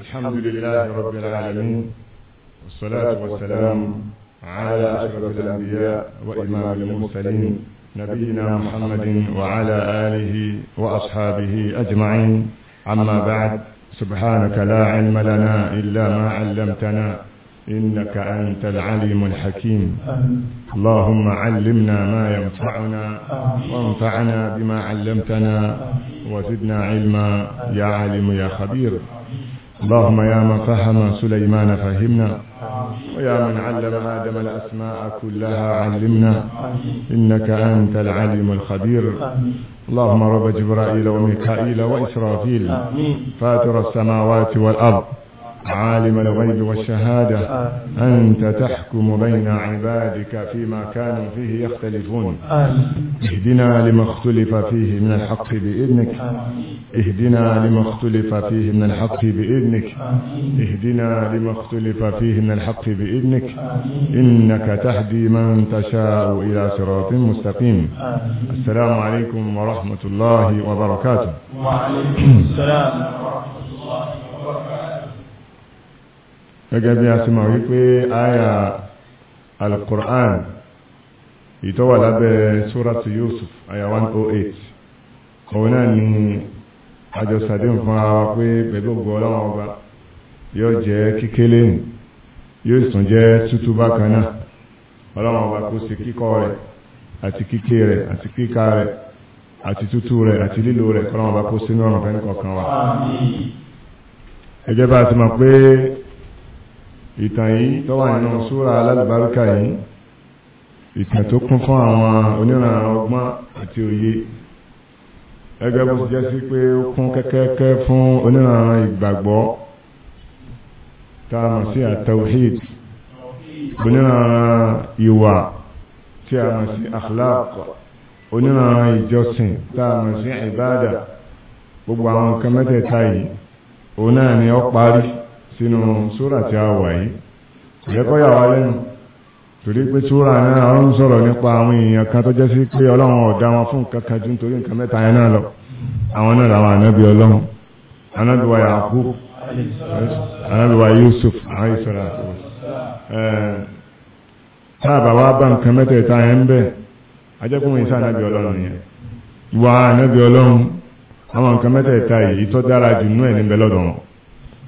الحمد لله رب العالمين والصلاة والسلام على أشرف الأنبياء وإمام المرسلين نبينا محمد وعلى آله وأصحابه أجمعين أما بعد سبحانك لا علم لنا إلا ما علمتنا إنك أنت العليم الحكيم اللهم علمنا ما ينفعنا وانفعنا بما علمتنا وزدنا علما يا عالم يا خبير اللهم يا من فهم سليمان فهمنا ويا من علم آدم الأسماء كلها علمنا إنك أنت العليم الخبير اللهم رب جبرائيل وميكائيل وإسرافيل فاتر السماوات والأرض عالم الغيب والشهادة أنت تحكم بين عبادك فيما كانوا فيه يختلفون اهدنا لما اختلف فيه من الحق بإذنك اهدنا لما اختلف فيه من الحق بإذنك اهدنا لما اختلف فيه من الحق بإذنك إنك تهدي من تشاء إلى صراط مستقيم السلام عليكم ورحمة الله وبركاته وعليكم السلام ورحمة الله gẹ́gẹ́ bí a ti mọ̀ wípé àyà al-Qur'an ìtọ́wà lábẹ́ suratu Yusuf àyà 108 òun náà ni àjọ sàdéhùn fún ara wa pé pẹ̀lú ògbó ọlọ́run ọba yóò jẹ́ kíkélé nì yóò sùn jẹ́ tútù bákan náà ọlọ́run ọba kó ṣe kíkọ́ rẹ̀ àti kíké rẹ̀ àti kíkà rẹ̀ àti tútù rẹ̀ àti lílo rẹ̀ ọlọ́run ọba kó sínú ọ̀ràn fẹ́ ìtàn yìí tó wà nínú súra alálùbáríkà yìí ìtàn tó kún fún àwọn oníranran ọgbọ́n àti òye ẹgbẹ́ bó ti jẹ́ sí pé ó kún kẹ́kẹ́kẹ́ fún oníranran ìgbàgbọ́ tá a mọ̀ sí àtàwíhìd oníranran ìwà tí a mọ̀ sí akhlaq oníranran ìjọsìn tá a mọ̀ sí ìbádà gbogbo àwọn nǹkan mẹ́tẹ̀ẹ̀ta yìí òun náà ni ó parí sínú súrà tí a wà yìí kò yẹ kọ́ yà wá lẹ́nu torí pé súrà náà ó ń sọ̀rọ̀ nípa àwọn èèyàn kan tó jẹ́ sí pé ọlọ́run ọ̀dá wọn fún nǹkan kan ju nítorí nǹkan mẹ́ta yẹn náà lọ àwọn náà làwọn ànábì ọlọ́run ànábì wa Yakub ànábì wa Yusuf àwọn ìsọ̀rọ̀ àti táàbà wá bá nǹkan mẹ́tẹ̀ẹ̀ta yẹn ń bẹ̀ ajẹ́kùnrin iṣẹ́ ànábì ọlọ́run yẹn ìwà ànábì ọlọ́run àwọn nǹkan mẹ́tẹ̀ẹ̀ta yìí tó dára jù nú ẹ̀ níbẹ̀ lọ́dọ̀ wọn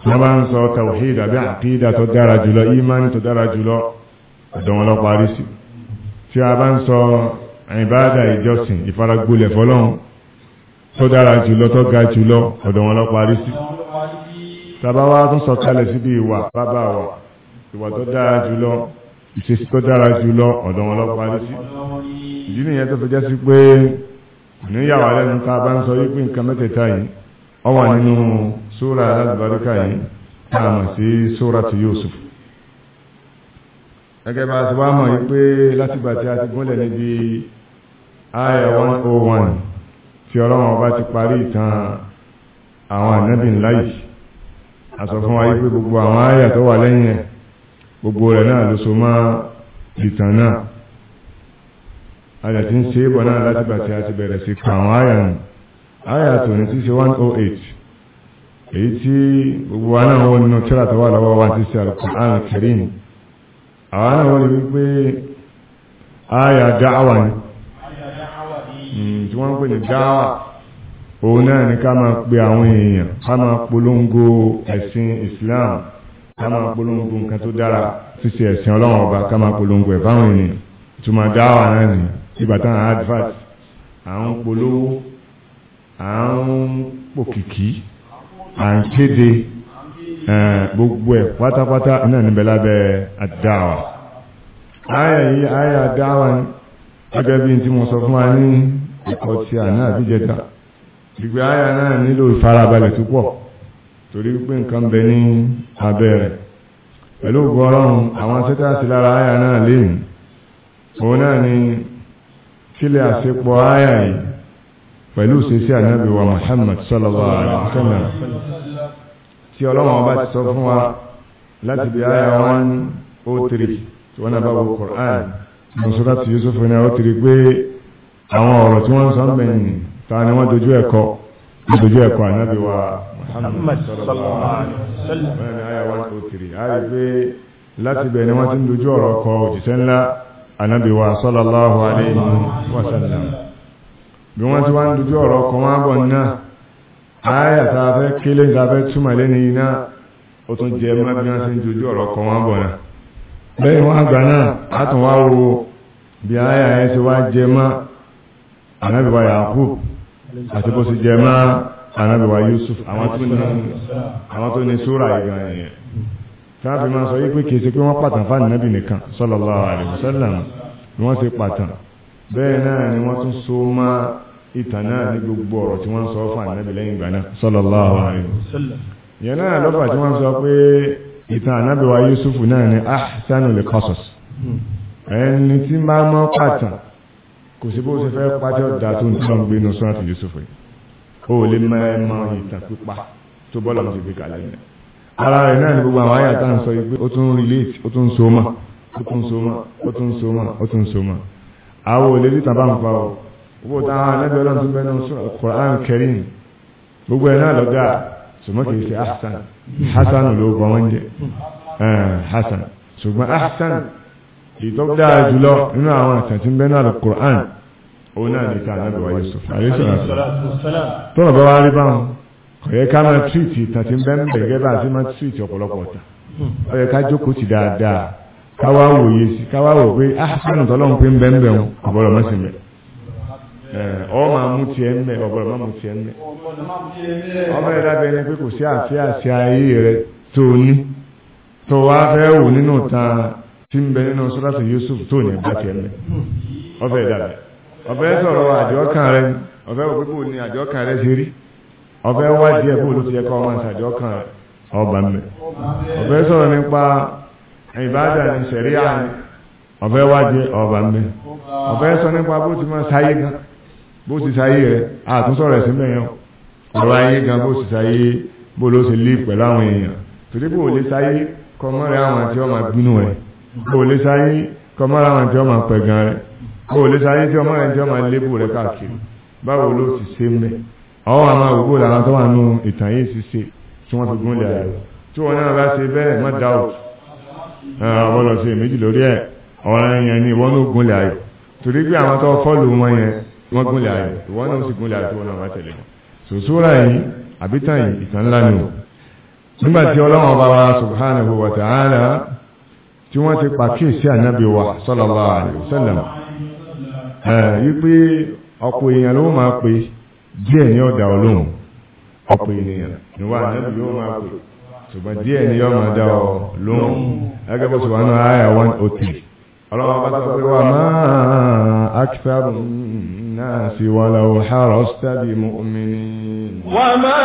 tí wọ́n bá ń sọ tawhid àbí àkídà tó dára jùlọ imani tó dára jùlọ ọ̀dọ̀ wọn lọ parí sí tí a bá ń sọ ìbáàdà ìjọsìn ìfaragbólẹ̀ fọlọ́run tó dára jùlọ tó ga jùlọ ọ̀dọ̀ wọn lọ parí sí tàbá wá tún sọ kalẹ̀ síbi ìwà bàbá wa ìwà tó dára jùlọ ìṣesí tó dára jùlọ ọ̀dọ̀ parí sí ìdí nìyẹn tó fi jẹ́ sí pé níyàwó alẹ́nu tá súra alábàríkà yìí táàmà sí súra ti Yusuf gẹ́gẹ́ bá ti wá mọ̀ yí pé látìgbà tí a ti gúnlẹ̀ níbi aya 101 tí ọlọ́run ọba ti parí ìtàn àwọn ànábì ńlá yìí a sọ fún wa yí pé gbogbo àwọn aya tó wà lẹ́yìn ẹ̀ gbogbo rẹ̀ náà ló so mọ́ ìtàn náà àjàtí ń ṣe é bọ̀ náà látìgbà tí a ti bẹ̀rẹ̀ sí kàwọn aya nù aya tòun ti ṣe 108 èyí tí gbogbo wa náà wọ́n nínú tíra tó wà lọ́wọ́ wa ti ṣe Al-Qur'an Al-Karim àwọn náà wọ́n rí pé àyà dáwà ni hmm, tí wọ́n pè ní dáwà òun náà ni ká máa pe àwọn èèyàn ká máa polongo ẹ̀sìn Islam ká máa polongo nǹkan tó dára ṣíṣe ẹ̀sìn ọlọ́run ọba ká máa polongo ẹ̀ fáwọn ènìyàn ìtumọ̀ dáwà náà ni ìbátan advert à ń polówó à ń pòkìkí à ń kéde gbogbo ẹ̀ pátápátá náà níbẹ̀ lábẹ́ àdáwà àyà yìí àyà àdáwà ni gẹ́gẹ́ bí tí mo sọ fún wa ní ẹ̀kọ́ ti àná àbíjẹta ìgbé àyà náà nílò ìfarabalẹ̀ tó pọ̀ torí pé nǹkan bẹ ní abẹ́ pẹ̀lú ògbọ́ ọlọ́run àwọn sẹ́tàsí lára àyà náà lẹ́yìn òun náà ni kílẹ̀ àṣepọ̀ àyà yìí pẹ̀lú ṣeṣe ànábì wa Muhammad sallallahu alaihi wa sallam tí ọlọ́wọ́n bá ti sọ fún wa láti bí ayé wọn ó tiri tí wọ́n náà bá wọ Qur'an mọ̀sọ́lá ti Yusuf ní ó tiri pé àwọn ọ̀rọ̀ tí wọ́n sọ ń ta ni wọ́n dojú ẹ̀kọ́ dojú ẹ̀kọ́ ànábì wa Muhammad sallallahu alaihi oh láti bẹ̀ ni wọ́n ti ń dojú ọ̀rọ̀ kọ bí wọ́n ti wá ń dojú ọ̀rọ̀ ọkọ̀ bọ̀ náà àáyà tá a fẹ́ kélé tá a fẹ́ túmọ̀ lẹ́ni iná ó tún jẹ mọ́ bí wọ́n ti ń dojú ọ̀rọ̀ ọkọ̀ wọn bọ̀ náà bẹ́ẹ̀ wọ́n àgbà náà a tún wá wo bí yẹn ti wá jẹ mọ́ anábìwá Yakub àti bó ti jẹ ìtàn náà ní gbogbo ọ̀rọ̀ tí wọ́n sọ fún ànábì lẹ́yìn ìgbà náà sallallahu alaihi wasallam yẹn náà lọ́fà tí wọ́n sọ pé ìtàn ànábì wa Yusufu náà ni ahsanul qasas ẹni tí máa mọ́ pàtàn kò sí bó ṣe fẹ́ pàtẹ́ ọ̀dà tó ń tọ́ ń gbénu sọ́ọ̀tì Yusufu yìí ó lè máa ẹ mọ ìtàn pípa tó bọ́lá ti fi kalẹ̀ ní ara rẹ̀ náà ni gbogbo àwọn àyà tá sọ àwọn òlè tí tàbá ń pa ọ́ owó táwọn anábẹ́ ọlọ́run tó bẹ́nu Quran Karim gbogbo ẹ̀ náà lọ́gà ṣùgbọ́n kì ṣe Hasan Hasan ló bọ́ wọ́n jẹ́ Hasan ṣùgbọ́n Hasan ìtọ́gbà jùlọ nínú àwọn bẹ́nu òun náà ní wá rí báwọn kò yẹ ká máa bẹ́nu bẹ̀gẹ́ bá máa ọ̀pọ̀lọpọ̀ ó yẹ ká jókòó ti dáadáa káwá wòye sí káwá wò pé ọ eh, ma mú mme, ń ma ọ̀bọ̀rọ̀ máa mú tiẹ̀ ń e bẹ̀. ọmọ ẹ̀dá bẹ ni pé kò sí àti àti ayé rẹ tó ní tó wá fẹ́ wò Yusuf tó ní bá tiẹ̀ eme. bẹ̀. ọfẹ́ ẹ̀dá bụ ọfẹ́ sọ̀rọ̀ àjọkàn rẹ ọfẹ́ wò pé kò ní àjọkàn rẹ ṣe rí ọfẹ́ wá díẹ̀ kó ló ti yẹ kọ́ ọmọ ìṣàjọkàn rẹ ọba mẹ ọfẹ́ sọ̀rọ̀ ọ ìbádà ní ṣẹ̀ríà ọfẹ́ wá díẹ̀ ọba mẹ gan bó ti sáyé rẹ̀ àtúntọ̀rẹ̀ sí mẹ́yàn ọ̀rọ̀ ayé gan bó ti sáyé bó ló ti lé pẹ̀lú àwọn èèyàn torí bó lè sáyé kọmọ́rẹ́ àwọn tí wọ́n máa bínú rẹ̀ bó lè sáyé kọmọ́rẹ́ àwọn tí wọ́n máa pẹ̀gàn rẹ̀ bó lè sáyé tí ọmọ rẹ̀ tí wọ́n máa lébù rẹ̀ káàkiri báwo ló ti ṣe mẹ́ ọwọ́ àwọn àwògbò làwọn tó wà nù ìtàn yìí ṣiṣẹ́ tí wọ́n fi gúnlẹ̀ àyẹ̀wò tí wọ́n náà bá ṣe bẹ́ẹ̀ má dáwọ̀ ọ̀bọ̀lọ̀ ṣe méjì lórí ẹ̀ ọ̀ràn yẹn ni wọ́n ló gúnlẹ̀ àyẹ̀wò torí pé wọ́n gúnlẹ̀ ayọ̀ ìwọ náà sì gúnlẹ̀ ayọ̀ tí wọ́n náà wá tẹ̀lé sòsúra yìí àbítà yìí ìtàn ńlá ni o wa wa tí wọ́n ti pàkíyèsí ànábì wa sallallahu alaihi wasallam wípé ọ̀pọ̀ èèyàn ló máa pe díẹ̀ ní ọ̀dà ọlọ́run ọ̀pọ̀ ọ lóhùn ẹgbẹ́ bó ṣe wà oh sọ pé wà الناس ولو حرصت بمؤمنين وما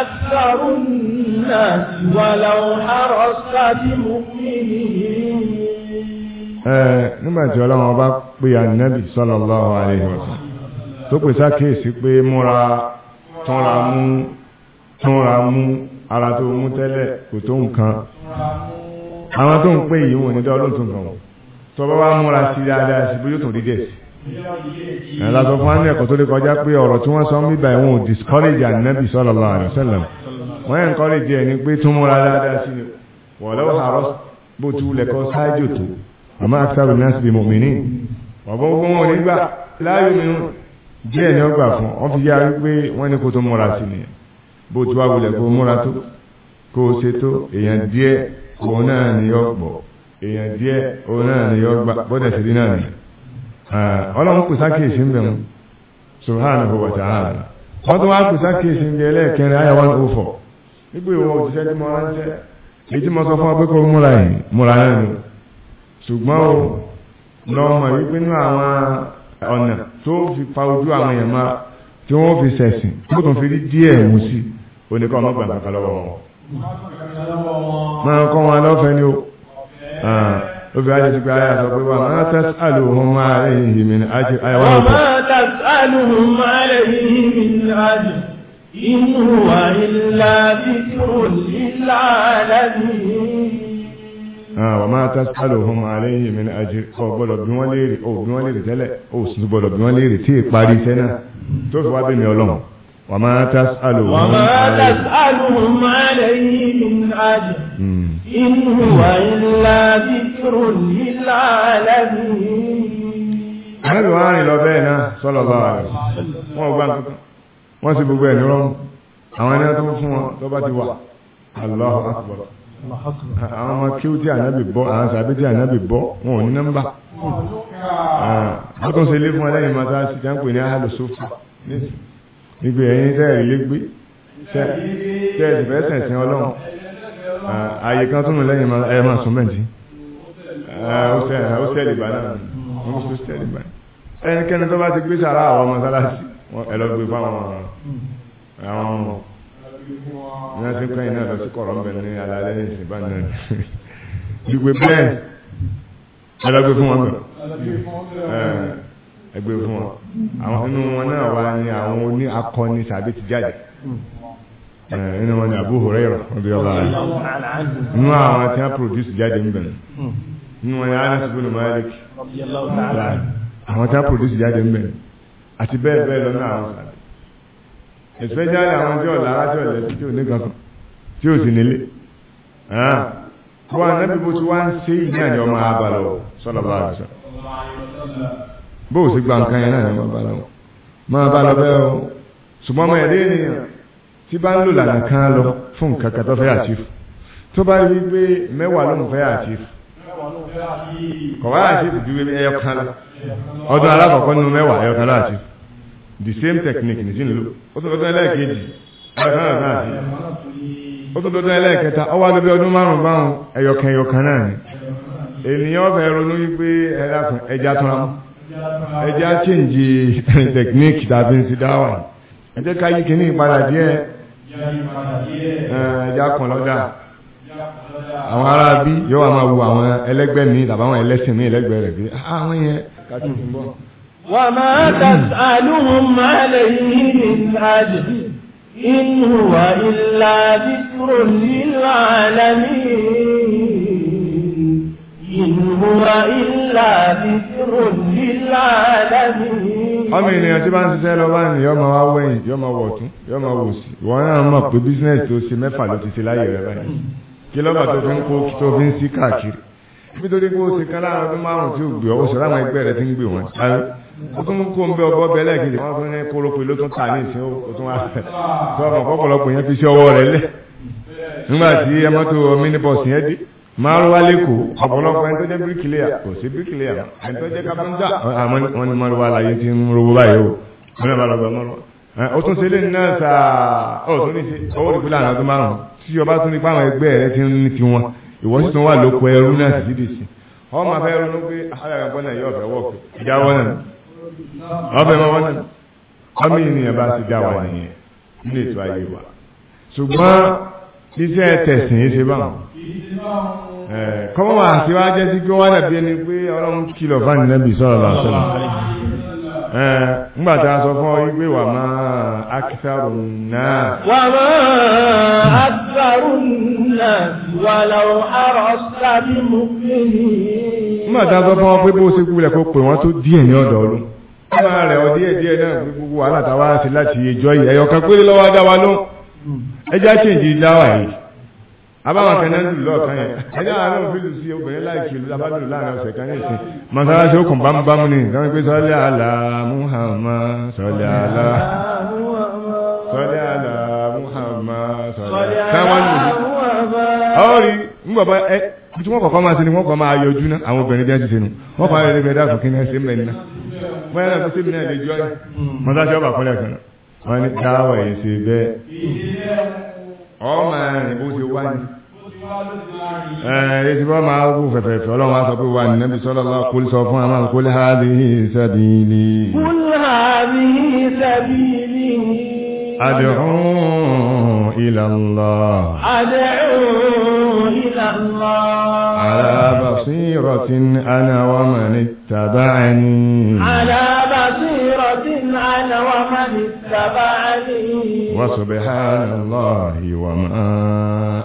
أكثر الناس ولو حرصت بمؤمنين nígbàtí ọlọ́run ọba pé ànábì sallallahu alaihi wasallam tó pè sákèsí pé múra tọ́ra mú tọ́ra mú ara tó mú tẹ́lẹ̀ kò tó nǹkan àwọn tó ń pè yìí wọ́n ní dọ́lóòtún kan tó bá wá múra sí dáadáa sí bójú tó rí dẹ̀ sí ẹ̀làtọ̀ fún àmì ẹ̀kọ́ tó lè kọjá pé ọ̀rọ̀ tí wọ́n sọ ń bíbà ẹ̀wọ̀n discourage ànábì sallallahu alaihi wasallam wọ́n encourage ẹni pé tún múra dáadáa sí ni wọ́n lọ́wọ́ àárọ̀ bó tu lẹ́kọ́ sáájò tó àmọ́ akitaru náà sì bí mu'minin ọ̀bọ̀n ogun wọn ò ní gbà láàyò mìíràn díẹ̀ ni ó gbà fún wọn fi yá wípé wọ́n ní kó tó múra sí ni bó tu awulẹ̀ Ah, ọlọ́run kò sákèèsí ń bẹ̀ mú subhanahu wa ta'ala wọ́n tó wá kò sákèèsí ń bẹ̀ ẹlẹ́ẹ̀kẹrin àyà wọn ò oh fọ̀ nígbà ìwọ òṣìṣẹ́ tí mo ránṣẹ́ èyí tí mo sọ fún ọ pé kò múra yìí múra náà ni ṣùgbọ́n o lọ́mọ wípé nínú àwọn ọ̀nà tó fi pa ojú àwọn èèyàn máa tí wọ́n fi ṣẹ̀sìn tó tún fi rí díẹ̀ mú sí oníkọ́ ọmọ gbàǹkà lọ́wọ́ wọn. máa kọ́ wọn lọ́fẹ̀ẹ́ ni tóbi wájú sí pé ayé àsọ pé wà máa tẹ́sí àlùhùn máa rẹ̀ yìí mi ní ájú lọ́pọ̀. wà máa tẹ́sí àlùhùn máa rẹ̀ ní ájú inú gbọ́dọ̀ bí wọ́n léèrè o bí wọ́n léèrè tẹ́lẹ̀ o sì gbọ́dọ̀ bí wọ́n léèrè tí ìparí iṣẹ́ náà tó fi wá bẹ̀mí ọlọ́run wa ma tasaluhum alayhi min ajr hmm. إن هو إلا ذكر للعالمين Àrẹ́bì wọn rìn lọ bẹ́ẹ̀ náà sọ́lọ̀ bá ما rẹ̀. Wọ́n gbá nǹkan. Wọ́n sì gbogbo ẹ̀mí rọrùn. Àwọn ẹni tó fún wọn tó bá ti wà. Allahu Akbar. Àwọn ọmọ kí ó tí ànábì bọ́, àwọn sàbí tí ànábì bọ́, wọn ò ní nọ́mbà. Wọ́n tó ṣe lé fún ẹlẹ́yìn máa tá sí jáǹpẹ̀ ní àhàlù sófù. Nígbè ẹ̀yìn tẹ́ẹ̀rí lé gbé. Tẹ́ẹ̀sì fẹ́ sẹ̀sìn ọlọ́run ààyè kan tún lẹ́yìn ẹ máa sùn bẹ́ẹ̀ tí ó sẹ́ẹ̀lì bá náà wọ́n tún sẹ́ẹ̀lì bá ẹnikẹ́ni tó bá ti gbé sàrá àwọn mọ́sálásí ẹ lọ gbé fáwọn àwọn ọmọ ní wọ́n ti ń kẹ́yìn náà lọ sí kọ̀rọ̀ ń ní alálẹ́ ní ìsìn báyìí bẹ́ẹ̀ ẹ lọ gbé fún wọn bẹ̀ ẹgbẹ́ fún wọn àwọn inú wọn náà wà ní àwọn oní akọni tàbí ti jáde ẹni eh, wọn ni Abu Hurairah ọdún yọba rẹ nínú àwọn tí wọn produce jáde ń bẹ̀rẹ̀ hmm. nínú wọn ni Anas bin Malik àwọn tí wọn produce jáde ń bẹ̀rẹ̀ àti bẹ́ẹ̀ bẹ́ẹ̀ lọ́nà àwọn sàlẹ̀ especially àwọn tí ọ̀la alájọ ilẹ̀ tí ò ní kankan tí ò sì nílé wọn anábì bó ti wá ń ṣe ìní àjọ máa bá sọlọ bá a sọ bó o sì gba nǹkan yẹn náà ni wọn bá lọ máa bá lọ bẹ́ẹ̀ o ṣùgbọ́n ọmọ ẹ̀dẹ́ ènìyàn. tí bá ń lò lànà kan lọ fún nǹkan kan tó fẹ́ àtìfù tó bá rí pé mẹ́wàá ló ń fẹ́ àtìfù kọ̀wá àtìfù ju ẹyọ kan lọ ọdún alákọ̀ọ́kọ́ nínú mẹ́wàá ẹyọ kan lọ àtìfù the same technique nìjí nílò ó tó dọ́dún ẹlẹ́ẹ̀kejì ẹyọ kan náà àti ó tó dọ́dún ẹlẹ́ẹ̀kẹta ọwọ́ adébẹ́ ọdún márùn-ún báwọn ẹyọ kan ẹyọ kan náà ni ènìyàn fẹ́ ronú wípé ẹja tán ẹja change technique tàbí ti dáwà ẹ jẹ́ ká yí kíní ìpadà díẹ̀ ẹja kan lọ́dà àwọn ará bí yóò wá máa wo àwọn ẹlẹ́gbẹ́ mi tàbí àwọn ẹlẹ́sìn mi ẹlẹ́gbẹ́ rẹ̀ bí ah, àwọn yẹn kàtí ń bọ̀. wà á máa tas'aluhum alayhi min ajr in huwa illa dhikrun lil alamin. إن هو إلا ذكر للعالمين ọmọ ènìyàn tí bá ń ṣiṣẹ́ lọ bá ní yọ́ máa wá wẹ̀yìn yọ́ máa wọ̀tún yọ́ máa wòsì wọ́n náà mọ̀ pé bísínẹ́sì tó ṣe mẹ́fà ló ti ṣe láyé rẹ̀ báyìí kí lọ́gbà tó fi ń kó tó fi ń sí káàkiri nítorí pé ó ṣe kan láàrin ọdún márùn tí ó gbé ọ sọ̀rọ̀ àwọn ẹgbẹ́ rẹ̀ ti ń gbé wọn ó tún kó ń bẹ ọgbọ́ bẹ lẹ́ẹ̀kejì wọ́n tún ní kórópè ló tún tà ní ìsìn maruwa leko ọ̀pọ̀lọpọ̀ ẹni tó jẹ́ bíríkìlíà kò sí bíríkìlíà ẹni tó jẹ́ kápẹ́ńtà wọ́n ní maruwa láyé tí ń rowó báyìí o wọ́n náà bá lọ gba maruwa ó tún ṣe lé ní náà sáà ó tún ní ṣe owó ìpínlẹ̀ àná tó márùn tí ọba tún ní pàwọn ẹgbẹ́ rẹ ti ń ní tiwọn ìwọ sì tún wà lóko ẹrú náà sì dìde sí ọmọ afẹ́ ronú pé alágbàgbọ́ ah, náà yóò fẹ́ wọ́ọ̀kì ìjáwọ́ náà ọbẹ̀ mọ́wọ́ náà ọmọ ènìyàn bá ti dá wa nìyẹn nílé ètò ayé wa iṣẹ́ tẹ̀sìn ṣe bá wọn. kọ́mọ́ wa sí wá jẹ́ sí pé wọ́n dàbí ẹni pé ọlọ́run kìlọ̀ fáni nẹ́bì sọ̀rọ̀ lọ́sọ̀rọ̀. nígbà tá a sọ fún ọ wípé wà máa akitharun náà. wà máa akitharun náà wà láwọn arọ sábì mú kíni. nígbà tá a sọ fún ọ pé bó ṣe kúlẹ̀ kó pè wọ́n tó díẹ̀ ní ọ̀dọ̀ ọdún. nígbà rẹ̀ ọ díẹ̀ náà gbogbo wàhálà táwa ṣe láti ẹjọ́ yìí ẹ̀yọ̀ kan péré wa lóhùn ẹjá ṣèǹjì dáwà yìí abáwọn kanáà lù lọ́ọ̀kan yẹn ẹjá àárọ̀ fílù sí obìnrin láìkì ló dábàá lù láàrin ọ̀sẹ̀ kan yẹn sìn mọ́sálásí ó kùn bámúbámú ni ìdáwọn pé sọ́lé àlà Muhammad sọ́lé àlà sọ́lé àlà Muhammad sọ́lé àlà ọ̀rí ń bàbá ẹ tí wọ́n kọ̀ọ̀kan máa ṣe ni wọ́n kọ̀ máa yọjú ná àwọn obìnrin bí wọ́n ti ṣe nù wọ́n kọ̀ ayọ̀ lẹ́gbẹ̀ẹ́ dáàbò kí ní ẹ ṣe mẹ́rin ná mọ́yára tó ṣe mí náà wọ́n ní káwọ̀ yìí ṣe bẹ́ẹ̀ ọmọ rẹ̀ bó ṣe wá ní. Èsì bọ́ máa wú fẹ̀fẹ̀fẹ̀ ọlọ́run á sọ pé wà nínú ibi sọ́lọ́ lọ́wọ́ kúlì sọ fún àmà kúlì hādhihi sabīlī. Kúlì hādhihi sabīlī. Ad'ū ilā Allāh. Ad'ū ilā Allāh. 'Alā baṣīratin anā wa man ittaba'anī. 'Alā baṣīratin. ومن وسبحان الله وما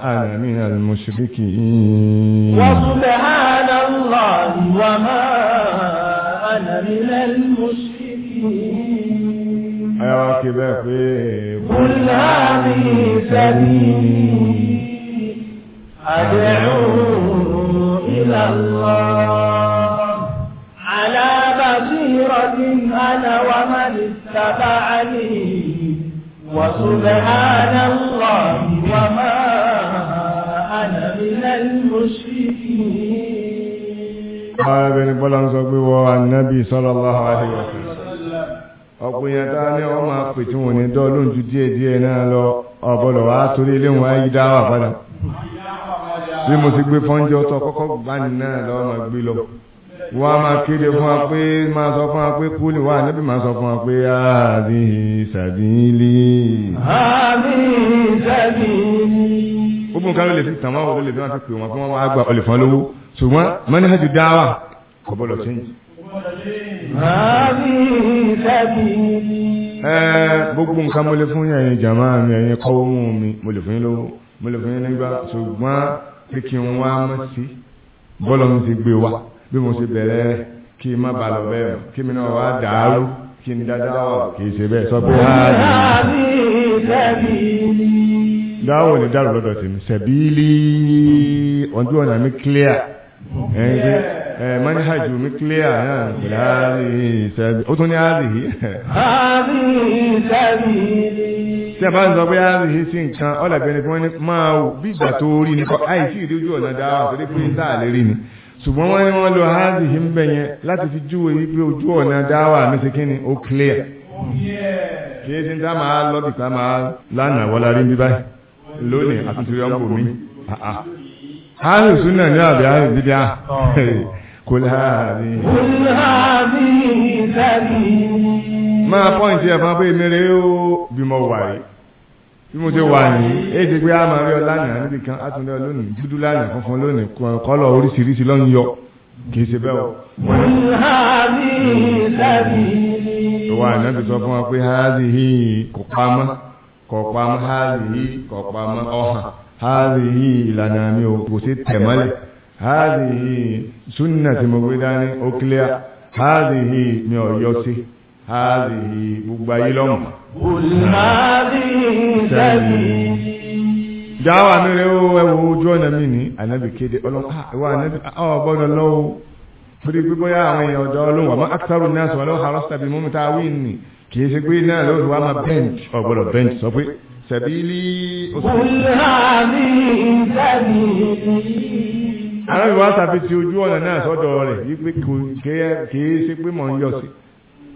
أنا من المشركين وسبحان الله وما أنا من المشركين أيوة كده في قل هذه سبيلي أدعو إلى الله على بصيرة أنا ومن اتبعني وسبحان الله وما أنا من المشركين آمين بلان سبوا النبي صلى الله عليه وسلم ọ̀pìyàn tá ní ọmọ àpètí wọn ní dọ́ọ̀lùn ju díẹ̀díẹ̀ náà lọ ọ̀bọ̀lọ̀ wá torí ilé wọn ayé dáwà padà bí mo ti gbé fọ́njọ́ kọ́kọ́ gbá nínú náà lọ́mọ gbé lọ wọ́n á máa kéde fún wa pé máa sọ fún wa pé kú ni wà níbi máa sọ fún wa pé ààbí sàbílì. ààbí sàbílì. gbogbo nǹkan ló lè fi tàn wọ́n wọ́n lè fi wọ́n ti pè wọ́n fún wọn wá gba ọ̀lẹ̀ fún lówó ṣùgbọ́n mọ́níhàjú dáwà kò bọ́lọ̀ sẹ́yìn. ààbí sàbílì. ẹ gbogbo nǹkan mo lè fún yẹn jàmá mi ẹ̀yin kọ́wọ́ mú mi mo lè fún yín lówó mo lè fún yín nígbà ṣùgbọ́n pé kí wá mọ́ sí bọ́lọ̀ mi ti gbé wa bí mo ṣe bẹ̀rẹ̀ rẹ̀ kí n má ba lọ bẹ́ẹ̀ kí mi náà wá dàárú kí n dáadáa wà kì í ṣe bẹ́ẹ̀ sọ pé dáwọ̀ ní dàrú lọ́dọ̀ tèmi sẹ̀bílì ọdún ọ̀nà mi clear ẹ̀yìn ẹ̀ mọ́níhàjù mi clear náà láàrin sẹ̀bí ó tún ní àárí tí a bá ń sọ pé àárí sí nǹkan ọ̀làgbẹ́ni tí wọ́n ní máa bí ìgbà tó rí nípa àìsí ìdójú ọ̀nà dáwà torí pé ń tà lérí ni ṣùgbọ́n wọ́n ní wọ́n lo hazi yìí ń bẹ̀ yẹn láti fi júwe wípé ojú ọ̀nà dáwà mẹ́sẹ̀ kí ni ó clear kí ẹsẹ̀ ń dá máa lọ́bìtá máa lánàá wọ́lá rí bíbá lónìí àtúntò yọ̀ ń bò mí ààrùn súnà ní àbí ààrùn dídí à kò láàrí máa pọ́ǹtì ẹ̀fọn pé mẹ́rẹ́ ó bímọ wà rí bí mo ṣe wà ní èdè pé a máa rí ọ lánàá níbi kan á tún rí ọ lónìí dúdú lánàá funfun lónìí kọ́lọ̀ oríṣiríṣi ló ń yọ kì í ṣe bẹ́ẹ̀ o. ìwà ànábì sọ fún wa pé háàzìhì kò pamọ́ kò pamọ́ háàzìhì kò pamọ́ ọ̀hàn háàzìhì ìlànà mi ò kò sí tẹ̀mọ́lẹ̀ háàzìhì súnà tí mo gbé dání ó kílíà háàzìhì mi ò yọ sí háàzìhì gbogbo ayé lọ́mọ́. dáwà mi ni ó ẹwọ ojú ọ̀nà mi ní ànábì kéde ọlọ́gbọ́dọ̀ lọ́wọ́ torí gbígbóyà àwọn èèyàn ọ̀dọ́ ọlọ́run àmọ́ akitaro ní àṣọ ọlọ́run harọ́sítà bíi mọ́mí tá a wí nì náà lóòrùn wa máa bench ọ̀gbọ́dọ̀ bench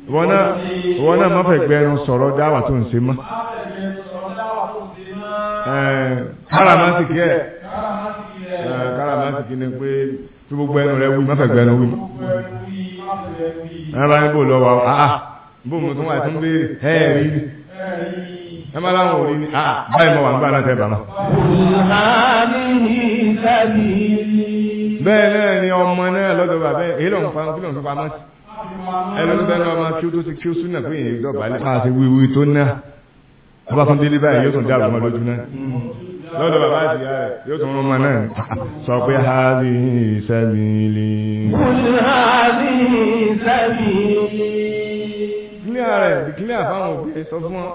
ìwọ náà má fẹ́ gbẹrun sọ̀rọ̀ dáwà tó ń ṣe mọ́. káràmásìkì ẹ̀ káràmásìkì ni pé tí gbogbo ẹnu rẹ wí má fẹ́ gbẹrun wí. ẹ bá ní bò lọ wà á bò mo tún wà tún béèrè ẹ rí ni ẹ má láwọn òrí ni báyìí mo wà nígbà náà tẹ bàmá. bẹ́ẹ̀ náà ni ọmọ náà lọ́dọ̀ bàbá èyí lòun fa kí lòun fi pamọ́ sí ẹlẹ́nu bẹ́ẹ̀ lọ́ọ́ máa kí ó tó ti kí ó súnà pé èyí dọ̀bálẹ̀ máa ti wíwí tó ná ọba tún délé báyìí yóò tún dá àrùn lójú náà lọ́dọ̀ bàbá àti ìyá rẹ̀ yóò tún rọmọ náà sọ pé hàbí sẹ́bìlì. hàbí sẹ́bìlì. kílíà rẹ̀ kílíà fáwọn òbí sọ fún ọ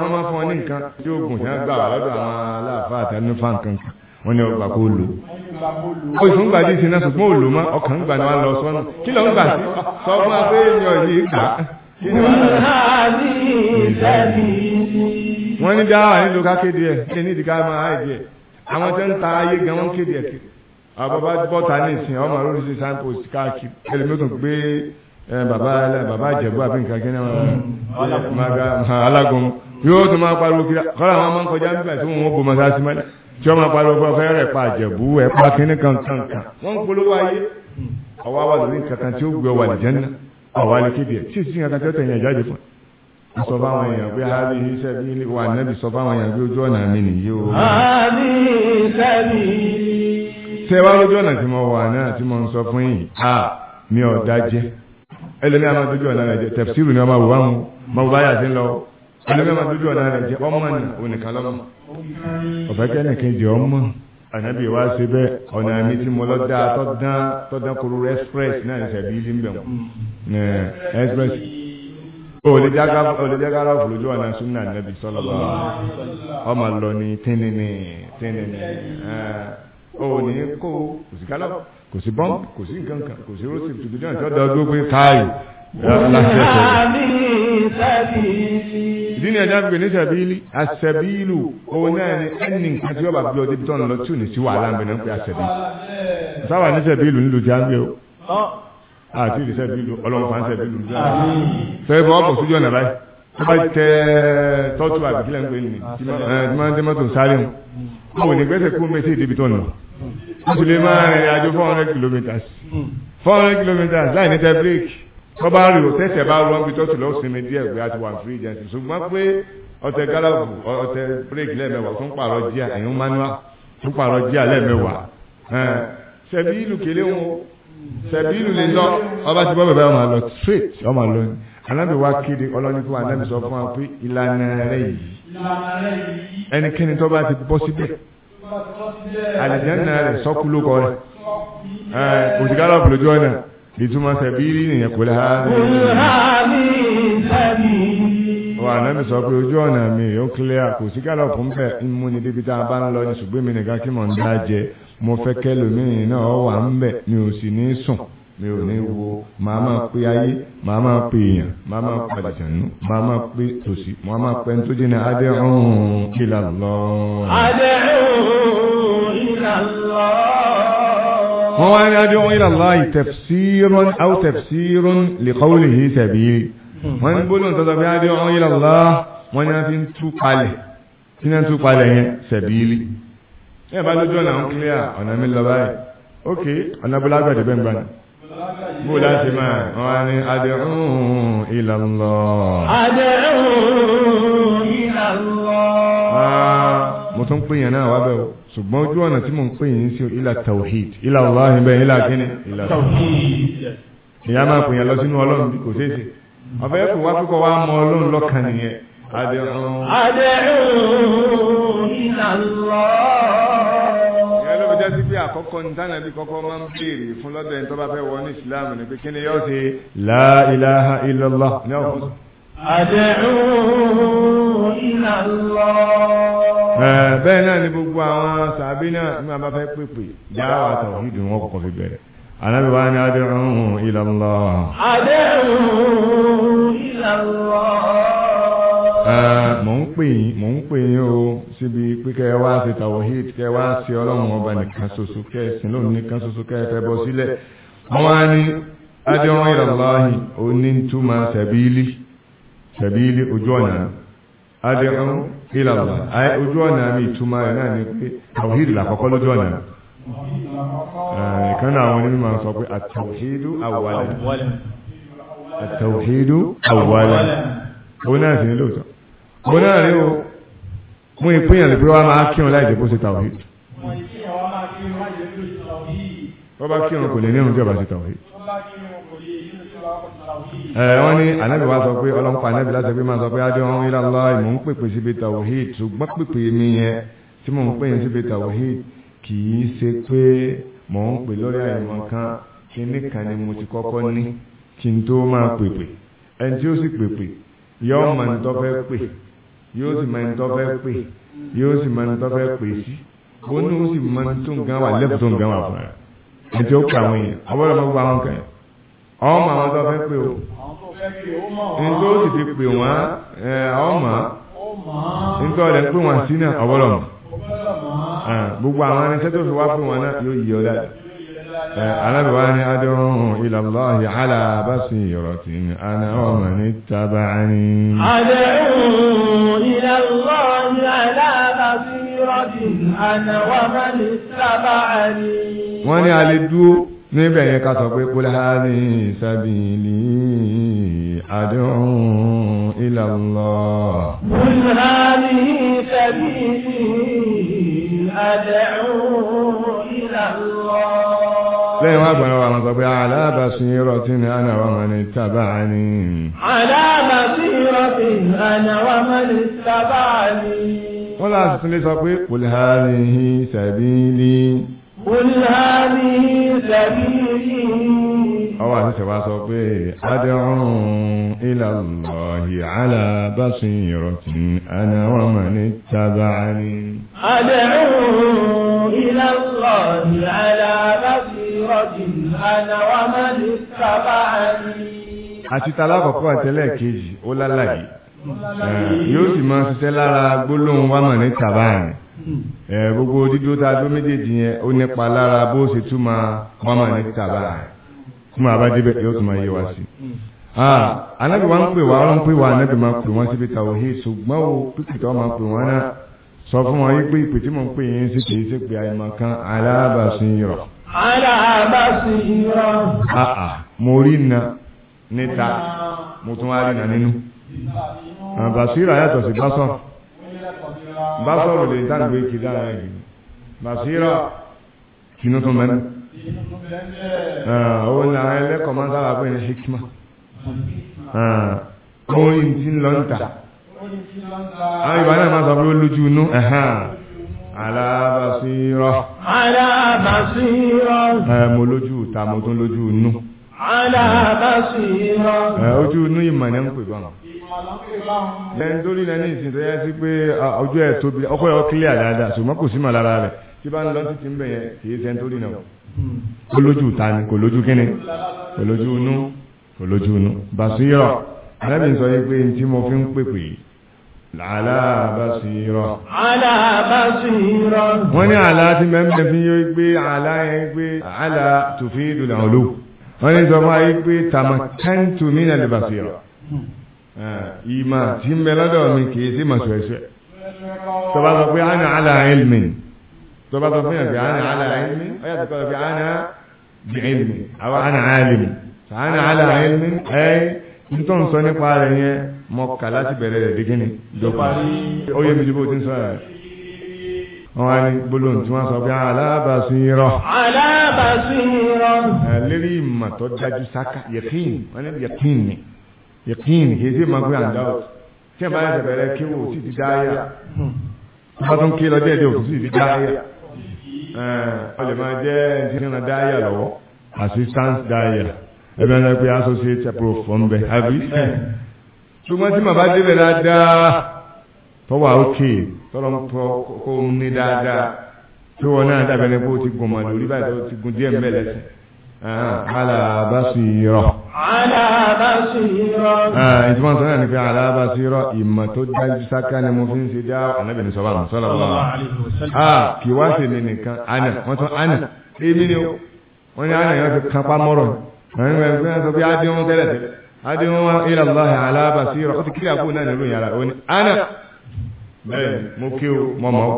wọ́n máa fún ọ ní nǹkan tí ó gùn sí lọ́dọ̀ àwọn aláàfáà àti ẹnu fáǹkan wọ́n ní ọgbà kó lò ó sì tún gbà dí ìsinmi náà ṣùgbọ́n òòlù mọ́ ọkàn ń gbà ní wọn lọ sọ́nà kí ló ń gbà sí sọ fún wa pé èèyàn yìí gbà. wọ́n ní dáhà nílò ká kéde ẹ̀ kí ní ìdíkà máa àìdí ẹ̀ àwọn tẹ́ ń ta ayé gan wọ́n kéde ẹ̀ àbábá bọ́ta ní ìsìn ọmọ oríṣi signpost káàkiri ẹlẹ́mìtàn gbé bàbá bàbá àjẹ̀bú àbí nǹkan kí náà alágun yóò tún máa pariwo kí kọ́ra àwọn máa ń kọjá nígbà tí wọ́n bò mọ́ sáà sí mọ́lẹ̀ tí ọmọ pariwo fẹ́ pa àjẹ̀bú ẹ̀ pa kínní kan kan kan wọ́n ń polówó ayé ọwọ́ wa lórí kankan tí ó gbé ọwọ́ àlìjẹ́nà ọwọ́ alikébì ẹ̀ tí ìsìn kankan tí ó tẹ̀yìn ẹ̀jáde fún un sọ fáwọn èèyàn pé hábì iṣẹ́ bí wà nẹ́bì sọ fáwọn èèyàn pé ojú ọ̀nà mi nìyí o. hábì iṣẹ́ mi. tẹ wá lójú ọ̀nà tí mo wà náà tí mo ń sọ fún yìí a mi ò dájẹ́ ẹlẹ́ni àmọ́ lójú ọ̀nà rẹ̀ tẹ̀síìrù ni ọmọ àwòrán mu mo ẹlẹ́mẹ́ máa dúdú ọ̀nà rẹ̀ jẹ́ ọmọ ní onìkan lọ́mọ ọ̀fẹ́ kẹ́nì kejì ọmọ ànábì wá sí bẹ́ẹ̀ ọ̀nà mi tí mo lọ́dá tọ́dán kúrú express náà ṣẹ̀bí ilé ń bẹ̀ wọ́n express olùdíjágára òfurufú ọ̀nà súnà nàbì sọ́lọ́ bá ọmọ lọ ní tínínní tínínní òní kó kò sí kálọ̀ kò sí bọ́m̀ kò sí nǹkan kan kò sí rósì tuntun náà tí wọ́n dá ọdún pé ìdí ni ẹja gbé ní sẹbílì àṣẹbílù òun náà ni ẹnì nǹkan tí ọba gbé ọdẹ bí tọ́nà lọ tí ò ní sí wàhálà ńbẹ náà ń pè àṣẹbílù sáwà ní sẹbílù nílùú tí a ń gbé o àti ìdí sẹbílù ọlọ́run fà ń sẹbílù fẹ́ẹ́ fọwọ́ pọ̀ sójú ọ̀nà báyìí tó bá tẹ tọ́tù àbíkílẹ̀ ń pè ní tí máa ń dé mọ́tò sáré wọn kò ní gbẹ́sẹ̀ kú mẹ́sẹ̀ ìdíbi tọ́nà ó sì lè máa rìnrìn àjò four hundred kilometres four hundred kilometres láì ní tẹ bíréèkì tọ́ba rí o tẹ́tẹ̀ bá rọ níbi tọ́tù lọ́ọ́ sinmi díẹ̀ gbé àti wà fún ìjẹun ṣùgbọ́n pé ọtẹ gálàbù ọtẹ bírèkì lẹ́ẹ̀mẹ́wàá tún pààrọ̀ jíà ẹ̀yìn manual tún pààrọ̀ jíà lẹ́ẹ̀mẹ́wàá ṣẹ̀bí ìlú kele wọn ṣẹ̀bí ìlú lè lọ ọba ti bọ́ bẹ̀rẹ̀ ọmọ lọ straight ọmọ lọ ni anábì wá kéde ọlọ́ni fún anábì sọ fún wa pé ìlànà rẹ̀ yìí ẹnikẹ́ni tó bá ti bọ́ síbẹ̀ àlìjẹ́ náà rẹ̀ sọ́kú ló kọ́ rẹ̀ òsì gálàbù lójú ọ̀nà ìtumọ̀ sẹ̀bílì nìyẹn kò láàárín wà náà sọ pé ojú ọ̀nà mi ò clear kò sí gálọ̀pù ń bẹ̀ ń mú ni débi tá a bá ń lọ ní ṣùgbọ́n mi nìkan kí mò ń dá jẹ mo fẹ́ kẹ́lòmíì náà wà ń bẹ̀ mi ò sì ní sùn mi ò ní wo màá máa pe ayé màá máa pe èèyàn màá máa pe àjànú màá máa pe tòsí màá máa pe ẹni tó jẹ́ ní adé ọ̀hún kí lálọ́. adé ọ̀hún wọ́n wá ní adéwọ̀n ilà láì tafsirun aw tafsirun li qawlihi sabili wọ́n ní gbólóhùn tọ́tọ́ bí adéwọ̀n ilà láà wọ́n ní a fi ń tú palẹ̀ tí wọ́n tú palẹ̀ yẹn sabili ẹ bá lójú ọ̀nà ń kílíà ọ̀nà mi lọ báyìí ok ọ̀nà bọ́lágbà dé bẹ́ẹ̀ gbani bó láti máa wọ́n ní adéwọ̀n ilà láà. adéwọ̀n ilà mo tún pè yẹn náà wá bẹ́ẹ̀ o ṣùgbọ́n ojú ọ̀nà tí mo ń pè yín sí ilà tawhid ilà Allahi bẹ́ẹ̀ ilà kíni ilà tawhid ìyá máa pè yẹn lọ sínú ọlọ́run bí kò ṣeé ṣe ọ̀fẹ́ kò wá púpọ̀ wá mọ ọlọ́run lọ́kàn nìyẹn adẹ́rùn. adẹ́rùn ilà Allah. ìyá ló fi jẹ́ sí pé àkọ́kọ́ ní tánà kọ́kọ́ máa ń أدعو إلى الله bẹ́ẹ̀ náà ni gbogbo àwọn sàbí náà ní fẹ́ pèpè ìdùnnú wọn kọ̀ọ̀kan fi bẹ̀rẹ̀ wa ni ila Allah. ad'u ila Allah. mò ń pè yín mò ń pè yín o síbi pé wá ṣe tawhid kẹ́ wá ṣe ọlọ́run ọba nìkan ṣoṣo kẹ́ ẹ sẹ̀bílì ojú ọ̀nà adẹ́kùn ìlàbà ayé ojú ọ̀nà mi ìtumọ̀ rẹ̀ náà ni pé tàwíìdì làkọ́kọ́ lójú ọ̀nà kan náà àwọn onímọ̀ sọ pé àtàwíìdù àwọ̀lẹ̀ àtàwíìdù àwọ̀lẹ̀ òun náà sì ní lóòótọ́ òun náà rí o mú ìpínyàn pé wàá máa kírun láì dẹ́kun sí tàwíìdì wọ́n bá kírun kò lè nírun tí ọba sí tàwíìdì ẹ eh, wọ́n ní anabi wa sọ pé ọlọ́mpa anabi láti ẹbí máa sọ pé adé wọn ilá lọ ìmọ̀ ń pèpè síbi tawhid ṣùgbọ́n pèpè mi yẹn tí mò ń pè yín síbi tawhid kì í ṣe pé mò ń pè lórí àìmọ̀ kan kí ní ni mo ti kọ́kọ́ ní kí n tó máa pèpè ẹni tí ó sì pèpè yóò mọ ní tó fẹ́ pè yóò sì mọ ní tó fẹ́ pè yóò sì mọ ní tó fẹ́ pè sí bó ní ó sì mọ ní tó nǹkan wà lẹ́bùtò nǹkan wà fún ẹ Ọma ọmọ àwọn tó fẹ́ pè nítorí sì pè wọ́n àwọn ọmọ nítorí ọ̀dẹ̀ pè wọ́n sí náà ọ̀bọ̀lọ̀ mọ̀ gbogbo àwọn irinṣẹ́ tó fi wá pè wọ́n náà yóò yí ọ dáadáa alábìwá ni alábàṣì a ọmọ ní alábàṣì ìrọ̀tì ọmọ ní wọ́n ní níbẹ̀ yẹn ká sọ pé kúláhárì sàbìlì ad'u ila Allah. kúláhárì sàbìlì ad'u ila Allah. lẹ́yìn wá gbọ́dọ̀ wà wọ́n sọ pé ala basiratin ana wa man ittaba'ani. ala basiratin ana wa man ittaba'ani. wọ́n láti sọ pé kúláhárì sàbìlì. قل هذه سبيلي أو عزيز وصفي أدعو إلى الله على بصيرة أنا ومن اتبعني أدعو إلى الله على بصيرة أنا ومن اتبعني àti talákọ̀ọ́kọ́ àtẹ́lẹ̀ kejì ó lálàyé yóò sì máa ṣiṣẹ́ lára gbólóhùn wámọ̀ ní tàbáàrin gbogbo dídó tá a dó méjèèjì yẹn ó nípa lára bó ṣe túmọ̀ mọ́mọ́ ní tàbá túmọ̀ abájẹ́bẹ̀ yóò túmọ̀ yé wa sí. anábì wọn ń pè wá wọn ń pè wá anábì máa pè wọn síbi tàwọn hí ṣùgbọ́n o pípìtọ́ máa pè wọn náà sọ fún wọn yí pé ìpè tí mò ń pè yín sí kì í sí pé àìmọ̀ kan alábàásùn yìí rọ̀ mo rí na níta mo tún wá rí na nínú àbàṣírà yàtọ̀ sí básán bá sọ̀rọ̀ lè tán gbé kí dára rẹ̀ jù bàṣírà kìnnú tó mẹ́rin ó ní àwọn ẹlẹ́kọ̀ọ́ máa ń sábà pé ní hikma orin tí ń lọ ń tà àwọn ìbá náà máa sọ pé ó lójú inú alábàṣírà alábàṣírà mo lójú ìta mo tún lójú inú alábàṣírà ojú inú ìmọ̀ ní ń pè bọ́nà lẹ́yìn tó rí lẹ́yìn ní ìsìn tó yẹ sí pé ọjọ́ ẹ̀ tóbi ọkọ̀ ẹ̀ kílẹ̀ àdáadáa ṣùgbọ́n kò sí màlára rẹ̀ tí bá ń lọ títí ń bẹ̀ yẹn kì í ṣe tó rí náà kò lójú ta ni kò lójú kíni kò lójú inú kò lójú inú bàṣírọ̀ alábìn sọ yìí pé tí mo fi ń pèpè làálà bàṣírọ̀. àlà bàṣírọ̀. wọ́n ní àlà tí mẹ́mẹ́ fi yóò gbé àlà yẹn gbé àlà tòfin ìdùnnà òlù wọ́n ní sọ fún wa yìí pé tàmà kẹ́ńtù mí Eh, ìmọ̀ tí ń bẹ lọ́dọ̀ mi kì í sí mọ̀sọ̀ ẹ̀ṣẹ̀ tó bá sọ pé ana ala ilmin tó bá sọ fún yàn pé ana ala ilmin ó yàtọ̀ sọ pé ana bi ilmin àwọn ana alim ana ala ilmin ẹ̀ ń tó ń sọ nípa rẹ̀ yẹn mọ̀ kà láti bẹ̀rẹ̀ rẹ̀ dígínì jọba ó yẹ mi jù bó ti ń wọ́n á ní gbólóhùn tí wọ́n sọ pé alábàásírọ̀. alábàásírọ̀. lérí ìmọ̀ tó dájú sáká yẹ̀kín wọ́n ní yẹ̀kín ni yẹ̀kín hèzé máa gbé àǹdá ọ̀ tí ẹ̀ bá yẹ bẹ̀rẹ̀ kí wò sí ti dáyà bá tún kí lọ déédéé òkú sí ti dáyà ọlẹ̀ máa jẹ́ ìṣẹ́nà dáyà lọ́wọ́ assistance dáyà ẹ̀bí wọn pe associate pro fún bẹ́ẹ̀ àbí. ṣùgbọ́n tí màbá débẹ̀ dáadáa tọ́wọ́ òkè tọ́lọ́ kó ní dáadáa tí wọn náà dábẹ́ ni kó o ti gùn mọ̀ lórí báyìí tó ti gùn díẹ̀ mẹ́lẹ̀ sí. alábàṣì rọ̀ ìtumọ̀ sọ́nà ní pé aláàbà sí rọ ìmọ̀ tó dájú sáká ni mo fi ń ṣe dá ọ̀nàbì ní sọ́bà sọ́lá wà. kì wá sí mi nìkan àná wọ́n tún àná èmi ni ó wọ́n ní àná yẹn ti kan pa mọ́rọ̀ ẹ̀rín rẹ̀ gbé sọ pé adéhùn tẹ́lẹ̀ tẹ́lẹ̀ adéhùn wọn ilẹ̀ aláhà aláàbà sí rọ ó ti kíyà kú náà nílùú yàrá ó àná mo kí o mọ̀ mọ́ o.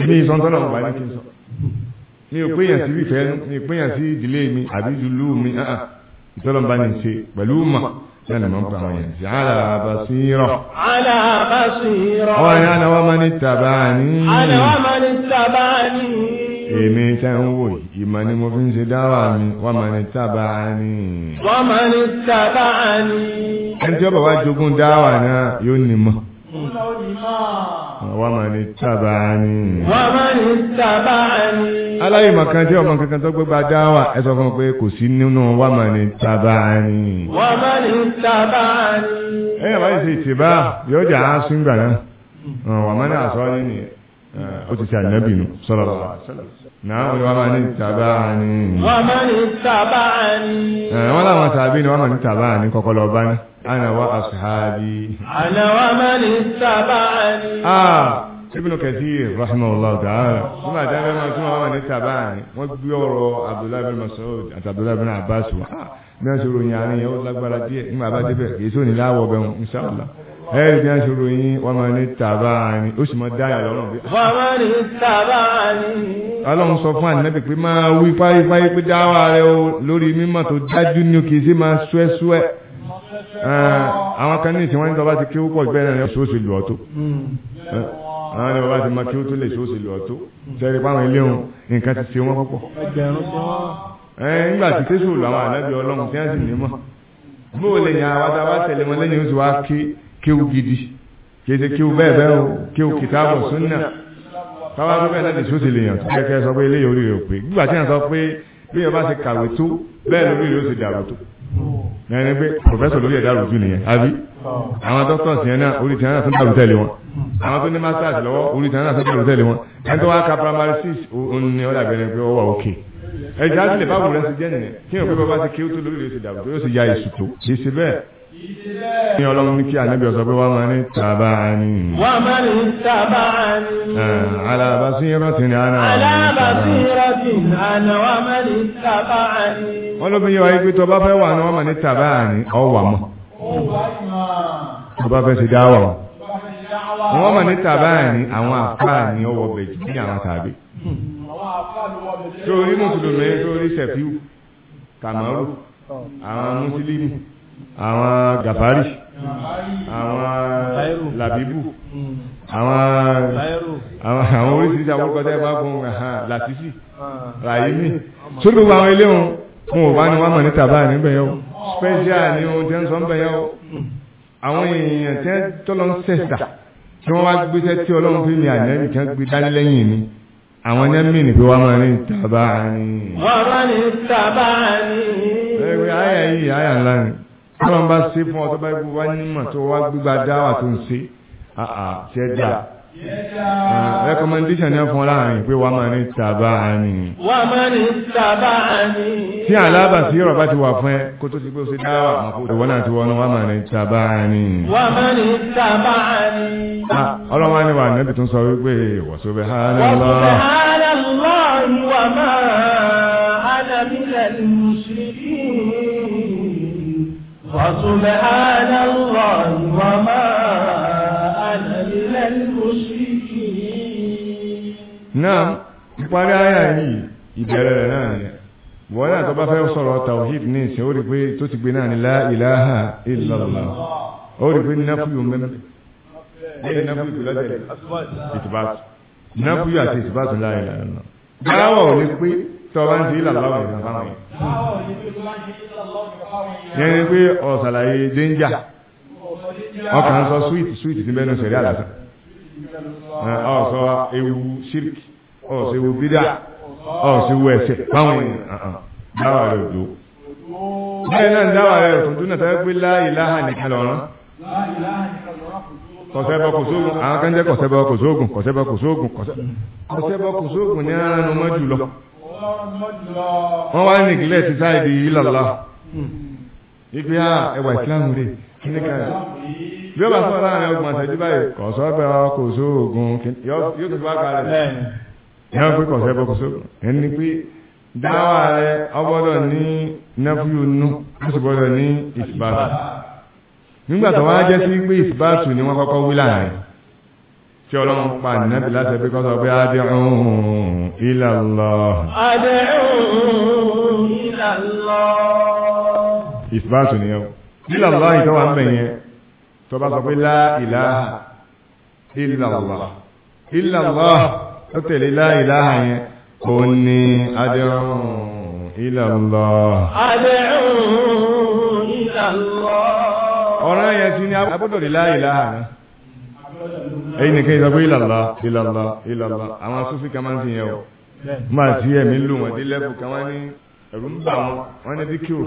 ibi ìsọ̀ntọ́nà wà ní kí n sọ mi ò péyàn sí ìfẹ́ mi ò péyàn sí ìdílé mi àbí ìlú mi ah, ah. ìtọ́lọ́ bá ní ṣe pẹ̀lú mà náà ni wọ́n pa àwọn yẹn sí ala basira. ala basira. ọwọ́ ni ana wa mani tabani. ana wa mani tabani. èmi tẹ́ ń wò yìí ìmọ̀ ni mo fi ń ṣe dáwà mi wa mani tabani. wa mani tabani. ẹni tí ó bá wá jogún dáwà náà yóò ní mọ̀. wàmàní tàbàání. wàmàní tàbàání. aláìmọ̀kan tí ọmọ kankan tó gbégbá dáwà ẹ sọ fún mi pé kò sí nínú wàmàní tàbàání. wàmàní tàbàání. ẹ̀yà báyìí ṣe ìtìbá yóò jà á síngbà náà wàmàní àsọ nínú ó ti ṣe ànábì nù sallallahu na eh, wọ́n máa ní tàbá ní. Ah, wọ́n máa ni ana wa ashabi. ana wa máa ní tàbá ní. Ibn ta'ala nígbà tí abẹ́ máa tún wọn ní tàbá gbé ọ̀rọ̀ Abdullahi bin Mas'ud àti Abdullahi bin Abbas wá ah, bí ṣe ròyìn àárín yẹn ó lágbára díẹ̀ nígbà bá débẹ̀ bẹ́ẹ̀ ẹ̀rì bí wọ́n ṣe ròyìn wọ́n máa ní tàbá ni ó sì máa dáyà lọ́rùn bí. Ah! wọ́n máa ní tàbá ni. ọlọ́run sọ fún ànábì pé máa wí fáyífáyí pé dáwà rẹ o lórí mímọ̀ tó dájú ni kì í sí máa ṣúẹ́ṣúẹ́. àwọn kan ní ìsìn wọn ní tọ́ba ti kí ó pọ̀ gbẹ́rẹ̀ rẹ ṣóòṣì lù ọ́ tó àwọn ni bàbá ti ma kí ó tó lè ṣóòsì lọ tó sẹ́rí pàwọn ilé ohun nǹkan ti ṣe wọ́n púpọ̀ nígbà tí tẹ́sù làwọn ànábì ọlọ́run tí wọ́n sì ní mọ́ kéwù gidi kéde kéwù bẹ́ẹ̀ bẹ́ẹ̀ o kéwù kìtàbù súnà káwá tó bẹ́ẹ̀ lẹ́dí sóòtì lèèyàn tó kẹ́kẹ́ sọ pé eléyìí orí rẹ̀ pé nígbà tí wọ́n sọ pé bí wọ́n bá ti kàwé tó bẹ́ẹ̀ lórí rẹ̀ ó sì dàrú tó ẹni pé pòfẹ́sọ̀ lórí ẹ̀dá rùjú nìyẹn àbí àwọn dọ́kítọ̀sì yẹn náà orí tìyẹn náà tún dàrú tẹ̀lé wọn àwọn tó ní masters lọ́wọ́ orí tìyẹn náà tún dàrú tẹ̀lé wọn ẹni tó wá ka primary six òun ni ọ̀dà bẹ̀rẹ̀ pé ó wà òkè ẹ̀jẹ̀ á sì lè bá wùrẹ́sì jẹ́ nìyẹn kí wọ́n pé bá ti kí tó lórí rẹ̀ ó sì dàrú tó yóò sì ya èsù tó kì í ṣe bẹ́ẹ̀ ní ọlọ́run ní kí ànábì ọ̀sọ̀ pé wọ́n máa ní tàbáàní. wọ́n máa ní tàbáàní. alábàásí ala ní àná. alábàásí rọ́tì ní àná wọ́n máa ní tàbáàní. wọ́n ló fi yọ tó bá fẹ́ wà ní wọ́n máa ní tàbáàní ọ̀wà tó bá fẹ́ ṣe dáwà wọ́n máa ní tàbáàní àwọn ọwọ́ bẹ̀jì ní àwọn tàbí. àwọn gàfárì àwọn làbíbù àwọn àwọn oríṣiríṣi àwọn orúkọ tẹ́ bá fún làtífì ràyíní sórí gbogbo àwọn ilé wọn fún òbá ni wọ́n mọ̀ ní tàbá níbẹ̀ yọ special ni ohun tẹ́ ń sọ ń bẹ̀ yọ àwọn èèyàn tẹ́ tọ́lọ́ ń sẹ̀sà tí wọ́n wá gbéṣẹ́ tí ọlọ́run fi ní àyẹ̀mí kan gbé dání lẹ́yìn ni àwọn nẹ́mì ní pé wọ́n mọ̀ ní tàbá ni. wọ́n mọ̀ ní tàbá ni. ẹgbẹ́ àyà yìí àyà ńlá ni ọlọ́run bá ṣe fún ọtọ́ báyìí gbogbo wá nímọ̀ tó wá gbígba dáwà tó ń ṣe ṣe dá recommendation yẹn fún láàrin pé wà máa ní tàbá àní wà máa ní tàbá àní tí àlábà sí ọ̀rọ̀ bá ti wà fún ẹ kó tó ti pé ó ṣe dáwà ìwọ náà ti wọnú wà máa ní tàbá àní wà máa ní tàbá àní ọlọ́run wá ní wà nẹ́bì tó ń sọ wípé wọ̀sọ̀bẹ̀ hálẹ́ lọ́wọ́ وسبحان الله وما أنا من المشركين نعم parí ayà yìí ìbẹ̀rẹ̀ rẹ̀ náà ni wọ́n náà tó bá fẹ́ sọ̀rọ̀ tawhid ní ìsìn ó rí pé tó ti gbé náà ni la ilaha illallah ó rí pé náfúyò mẹ́mẹ́ lẹ́yìn náfúyò tó lọ́tẹ̀lẹ̀ ìtìbátù náfúyò àti ìtìbátù láàrin lánàá dáwọ̀ ò pé tó bá ń ṣe ìlànà láwọn èèyàn fáwọn yẹn yẹn ni pé ọ̀sàlàyé dénjà ọkàn sọ súwìtì súwìtì tí bẹ́nu sẹ̀rí àlàsà ọ̀sọ ewu ṣírkì ọ̀sọ ewu bídà ọ̀sọ ewu ẹ̀ṣẹ̀ fáwọn èèyàn dáwà rẹ̀ òjò bẹ́ẹ̀ náà dáwà rẹ̀ òtún tó náà tẹ́wẹ́ pé láìláhà nìkan lọ́rán kọsẹbọ kòsóògùn àwọn kan jẹ kọsẹbọ kòsóògùn kọsẹbọ kòsóògùn kọsẹbọ kòsóògùn ní ara nu mọ jùlọ wọ́n wá ní ìgbìlẹ̀ ti sáà di ìlàlá ibi a ah, ẹwà ìsìláàmù rè kíní kan bí ó bá sọ láàrin ọgbọ̀n àtẹ́jú báyìí kò sọ pé kò sí oògùn yóò tó bá kalẹ̀ yóò pé kò sọ pé kò sí oògùn ẹni pé dáwà rẹ ọgbọ́dọ̀ ní nẹ́fúyù nú ó sì gbọ́dọ̀ ní ìsìbáàtù nígbà tó wá jẹ́ sí pé ìsìbáàtù ni wọ́n kọ́kọ́ wí láàrin tí ọlọ́run pa nínú ẹ̀bí láti ẹbí kọ́ sọ pé á dé ọ̀hún إلى الله أدعو إلى الله إثبات نيو إلى الله كما أمني تبا صفي لا إله إلا الله إلا الله تتلي لا إله كوني أدعو إلى الله أدعو إلى الله ọ̀rọ̀ yẹn ti ní abọ́dọ̀ lè láàyè láàárín ẹ̀yìn nìkan ìsọ pé ìlàlá ìlàlá ìlàlá àwọn Sufi kan máa ń fi yẹn o máa ti ẹ̀mí lò wọ́n dé lẹ́bù kan wọ́n ní ẹ̀rù ń bà wọ́n wọ́n ní díkìrì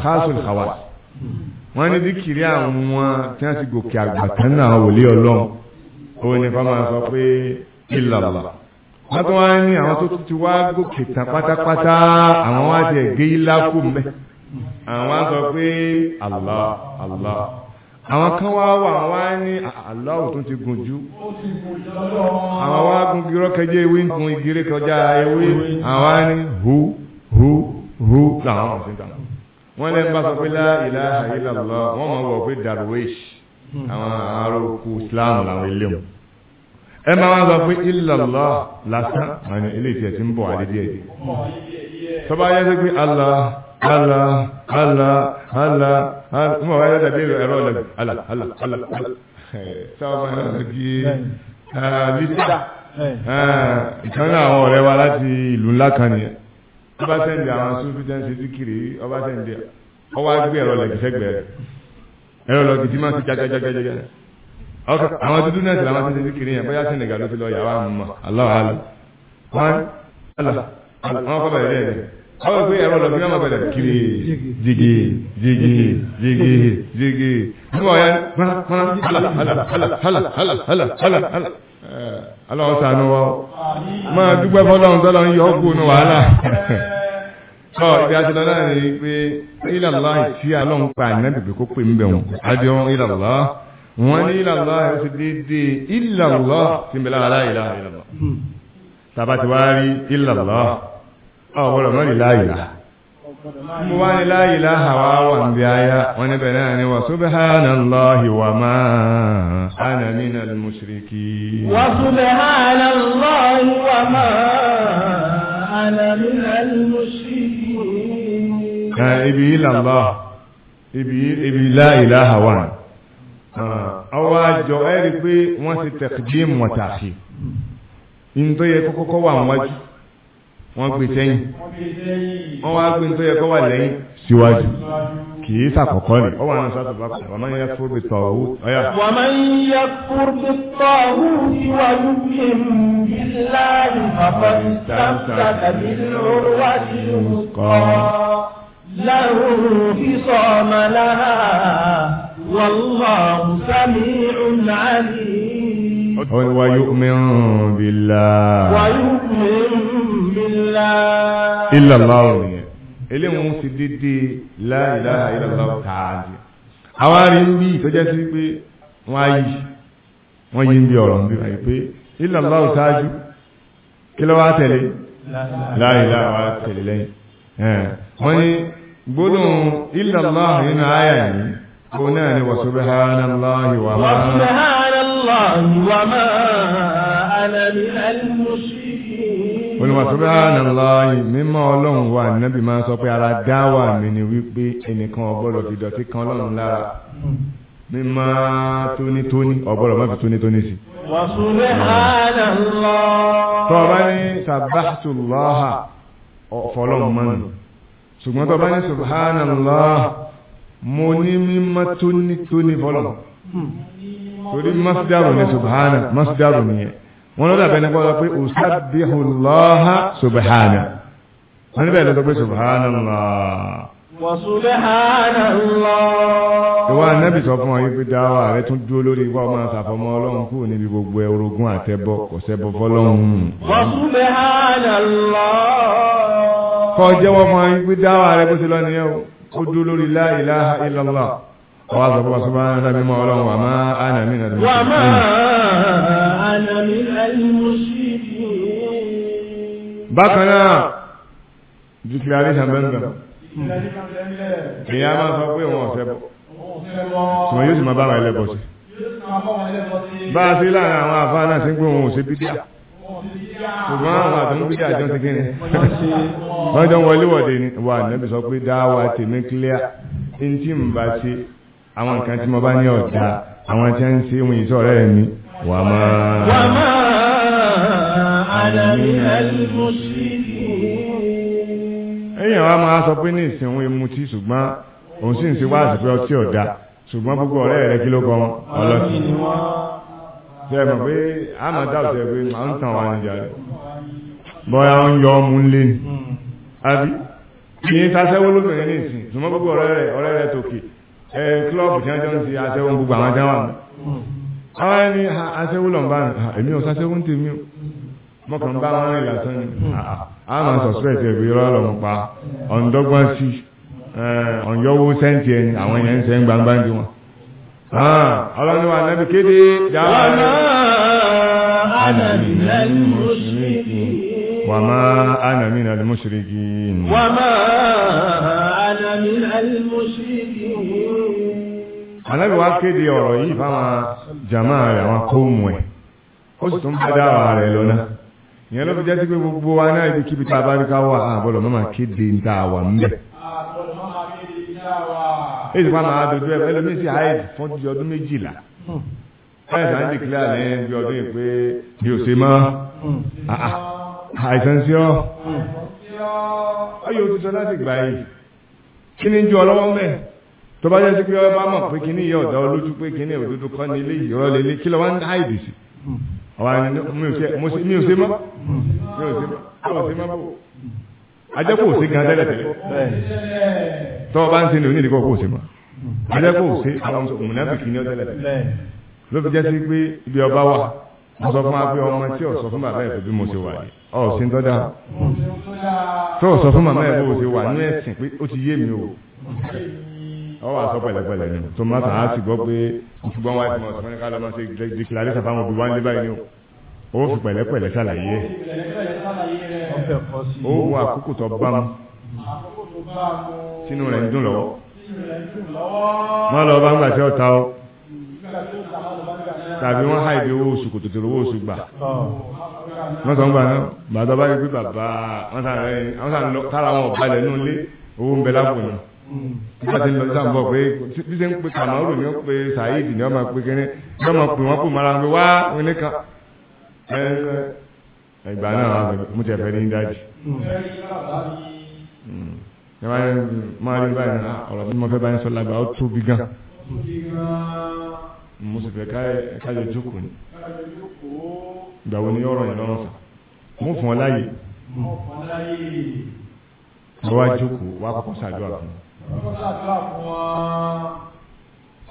khasul khawas wọ́n ní díkìrì àwọn tí wọ́n ti gòkè àgbà tán náà wòlé ọlọ́run ó ní fọ́n máa sọ pé ìlàlá wọ́n ní àwọn tó ti wá gòkè tán pátápátá àwọn wá ti ẹ̀gẹ́ ìlà kù mẹ́ àwọn sọ pé Allah Allah àwọn kan wá wà wá ní ah, aláwọ̀ tó ti gùn jù àwọn wá gun gírọ́ kẹjẹ ewé ń gun igire kọjá ewé àwọn á ní hu hu hu làwọn ọ̀sìn tà wọ́n lẹ́nu bá sọ pé la ilaha illallah wọ́n mọ̀ wọ̀ pé darwish àwọn arókù islam làwọn ilé mu ẹ máa wá sọ pé illallah lásán àwọn ilé ìtì ti ń bọ̀ àdídí ẹ̀ tọ́ba yẹ́ sọ Allah Allah Allah Allah. Ah, ah, mo wá yọ ah, dàbí ẹ̀rọ lẹ́nu ala ala ala sábà máa ń di lísà ìkan náà àwọn ọ̀rẹ́ wa láti ìlú ńlá kan nìyẹn ọba sẹ́ndì àwọn sófin jẹ́ ń ṣe síkìrì ọba sẹ́ndì ọwọ́ agbé ẹ̀rọ lẹ́nu sẹ́gbẹ̀ẹ́ ẹ̀rọ lọ́gì tí máa ń ti jájájájájá àwọn dúdú náà tìlà máa ti ṣe síkìrì yẹn bóyá Senegal ló fi lọ yàrá mọ́ aláwọ̀ alá wọn fọ́ bẹ̀rẹ̀ rẹ̀ àwọn ìpè ẹ̀rọ lọ́bí náà máa bẹ̀rẹ̀ kiri jìgì jìgì jìgì jìgì nígbà ọ̀yá gbọ́nà gbọ́nà hàlà hàlà hàlà hàlà hàlà hàlà hàlà hàlà aláwọ̀ sànú wa máa dúpẹ́ fọlọ́run tọ́lọ́ ń yọ ọ́kú ní wàhálà sọ ibi àtìlọ náà ni pé ìlàlá ìtí alọ́run pa ànábìbì kó pè ń wọn adé wọn ìlàlá wọn ní ìlàlá ẹ̀ ti déédéé ìlàlá ti ń bẹ̀ ọ̀gbọ́dọ̀ mọ́ ìláyìlá mo wá ní láyìlá àwá wà ń bí ayá wọ́n níbẹ̀ náà ni wa subhanallahi wa ma ana minal mushriki wa subhanallahi wa ma ana minal mushriki ibi ọwọ́ àjọ ẹ̀rí pé wọ́n ti taqdim wa ta'khir in tó yẹ kọ́kọ́kọ́ wà wájú wọ́n gbé sẹ́yìn wọ́n wá gbé tó yẹ kó wà lẹ́yìn síwájú kì í sàkọ́kọ́ rẹ̀ ọwọ́ àwọn sọ́tọ̀ bá pàtàkì wọ́n yẹ fúrú bí tọ̀wú ọ̀yà. wọ́n máa ń yẹ fúrú bí tọ̀wú síwájú kí n láàyè bàbá mi sáńsà tàbí lóru wá sí olùkọ́ lẹ́rù bí sọ̀mọ́ lára wàlláhu sami'un 'alim. ó ní wáyú mìíràn bí la. wáyú mìíràn ìlàláwò nìyẹn eléwọ̀n ti dédé láìláà ìlàláwò tààdì àwọn arin bí ìtọ́jẹ́ sí pé wọ́n á yí wọ́n yí ń bí ọ̀rọ̀ ń bí wáyé pé ìlàláwò tààjú kí ló wá tẹ̀lé láìláà wá tẹ̀lé lẹ́yìn wọ́n ní gbódùn ìlàláwò nínú àyà yìí òun náà ni wàsùbẹ̀hánàláhì wà máa olùmọ̀sọ́bẹ́hánàláì mímọ́ ọlọ́run wa nábì máa sọ pé ara dáwà mi ni wípé ẹnìkan ọgbọ́dọ̀ fi dọ̀tí kan ọlọ́run lára mímọ́ tónítóní ọgbọ́dọ̀ má fi tónítóní sí. tọ́ bá ní sàbáṣùlọ́hà ọ̀fọ́lọ́run mọ́nu ṣùgbọ́n tọ́ bá ní subhanallah mo ní mímọ́ tónítóní fọ́lọ́run torí masdaru ni subhana masdaru ni yẹn wọn lọ́dà bẹ́ẹ̀ nípa pé usabihullaha subhana wọn níbẹ̀ lọ́dọ̀ pé subhanallah. wa subhanallah. ìwà anábì sọ fún wa yìí pé dáwà rẹ tún dúró lórí ìwà ọmọ àṣàfọmọ ọlọ́run kúrò níbi gbogbo orogún àtẹbọ kò sẹ́bọ fọlọ́run. wa subhanallah. kọ́ jẹ́wọ́ fún wa yìí pé dáwà rẹ bó ti lọ nìyẹn ó dúró lórí la ilaha illallah. wàá ọlọ́run wà má ànàmínà وأنا من المشركين بقنا declaration bẹ́ẹ̀ èyí a máa sọ pé wọn ọ̀sẹ̀ bọ̀ ṣùgbọ́n yóò sì máa bá wọn ẹlẹ́bọ̀ sí bá a sí láàrin àwọn àfáà náà sí pé wọn ò sí bídíà ṣùgbọ́n àwọn àtúnú bídíà jọ ti kíni wọ́n jọ wọlé wọ̀dé ni wà nẹ́bí sọ pé dáwà tèmi clear tí n tí n bá wàmà wàmà àdàmínà mùsùlùmí. èèyàn wa máa sọ pé ní ìsìn òun emutí ṣùgbọ́n òun sì ń ṣe wá àṣìpẹ́ ọtí ọ̀dà ṣùgbọ́n gbogbo ọ̀rẹ́ rẹ̀ kí ló kọ́ wọn ọlọ́tí. ṣe mọ̀ pé àmọ́ dáwọ̀ ṣe pé màá ń tàn wá níjà rẹ̀ bọ́yá ń yọ ọmú lé ní àbí kì í sasẹ́wó lóbìnrin ní ìsìn ṣùgbọ́n gbogbo ọ̀rẹ́ rẹ̀ ọ̀rẹ́ rẹ̀ tòkè ẹ̀ kílọ̀bù tí wọ́n jọ ń ṣe aṣẹ́wó gbogbo àwọn jẹ́wàá àwọn ẹni aṣẹ́wó lọ bá èmi ò ń bá wọn ni a máa suspect rọ́ọ̀lọ́ ń pa ọ̀ǹdọ́gbọ́n sí eh, ọ̀ǹyọ́wó sẹ́ǹtì ẹni àwọn yẹn ń sẹ́ ń gbangba ń di wọn. ọlọ́run wa nẹ́bi kéde dáhùn. ana minal mushrikin. wa anábì wá kéde ọ̀rọ̀ yìí fáwọn jama rẹ̀ àwọn kóòmù ẹ̀ ó sì tún si dára rẹ̀ lọ́nà ìyẹn ló fi sí pé gbogbo wa ibi kíbi tá a bá rí ká wà àbọ̀lọ̀ mọ́mà kéde ń àwà ń èyí fún àdójú ẹ̀ ẹlòmí sí àìsí fún ti ọdún méjìlá àìsàn ń dìkílẹ̀ ní bí ọdún yìí pé bí ṣe àìsàn sí láti gbà yìí kí ni ju tó bá jẹ́ sí pé ọba mọ̀ pé kíní yẹ ọ̀dọ́ olójú pé kíní òdodo kọ́ ní ilé ìrọ́ lélẹ̀ kí lọ́wọ́ ń háìdì sí ọ̀wá mi ò ṣe mọ́ mi ò ṣe mọ́ bò ajẹ́ kò sí gan tẹ́lẹ̀ tẹ́lẹ̀ tọ́ ọba ń ṣe ní onídìí kọ́ kò sí mọ́ ajẹ́ kò sí àwọn mùnàfíkì ní ọ̀tẹ́lẹ̀ tẹ́lẹ̀ ló fi jẹ́ sí pé ibi ọba wà mo sọ fún wa pé ọmọ tí ò sọ fún bàbá ẹ̀ bí mo ṣe wà yìí ọ sí ń tọ́jà tó sọ fún màmá ẹ̀ bó ṣe wà ní ẹ̀sìn pé ó ti yé mi o ọ wà sọ pẹ̀lẹ́pẹ̀lẹ́ ni tó má sàn á sì gbọ́ pé ṣùgbọ́n wá ti mọ̀ sọ ní kálọ́ máa ṣe dìkìlárí sàfà wọn wá ń báyìí ni o ó fi pẹ̀lẹ́pẹ̀lẹ́ ṣàlàyé ó wọ àkókò tó bá mu sínú rẹ̀ ń dùn lọ́wọ́ má lọ bá ń gbà tí ó ta ọ tàbí wọ́n há ìdí owó oṣù kò tètè owó oṣù gbà wọ́n sọ ń gbà náà bàtà bá rí pé bàbá wọ́n sàn lọ tára wọn ọ̀bá ilẹ̀ nínú owó ń bẹ lápò náà nígbà tí ń lọ sáà ń bọ̀ pé bí ṣe ń pe kàmáwòrò ni ó pe saheed ni ó máa pe kínní ni ó máa pè wọ́n pò mọ́ra pé wá onílé kan ìgbà náà mo ti ẹ̀fẹ́ ní dájú. Hmm. ẹ máa ń máa rí báyìí náà ọ̀rọ̀ bí mo fẹ́ báyìí sọ lágbàá ó tóbi gan. mo sì fẹ́ káyọ̀ jókòó ni ìgbà wo ni ọ̀rọ̀ yẹn lọ́rùn sà mo fún ọ láyè. mo wá jókòó wá kọ́kọ́ ṣàdúrà fún un.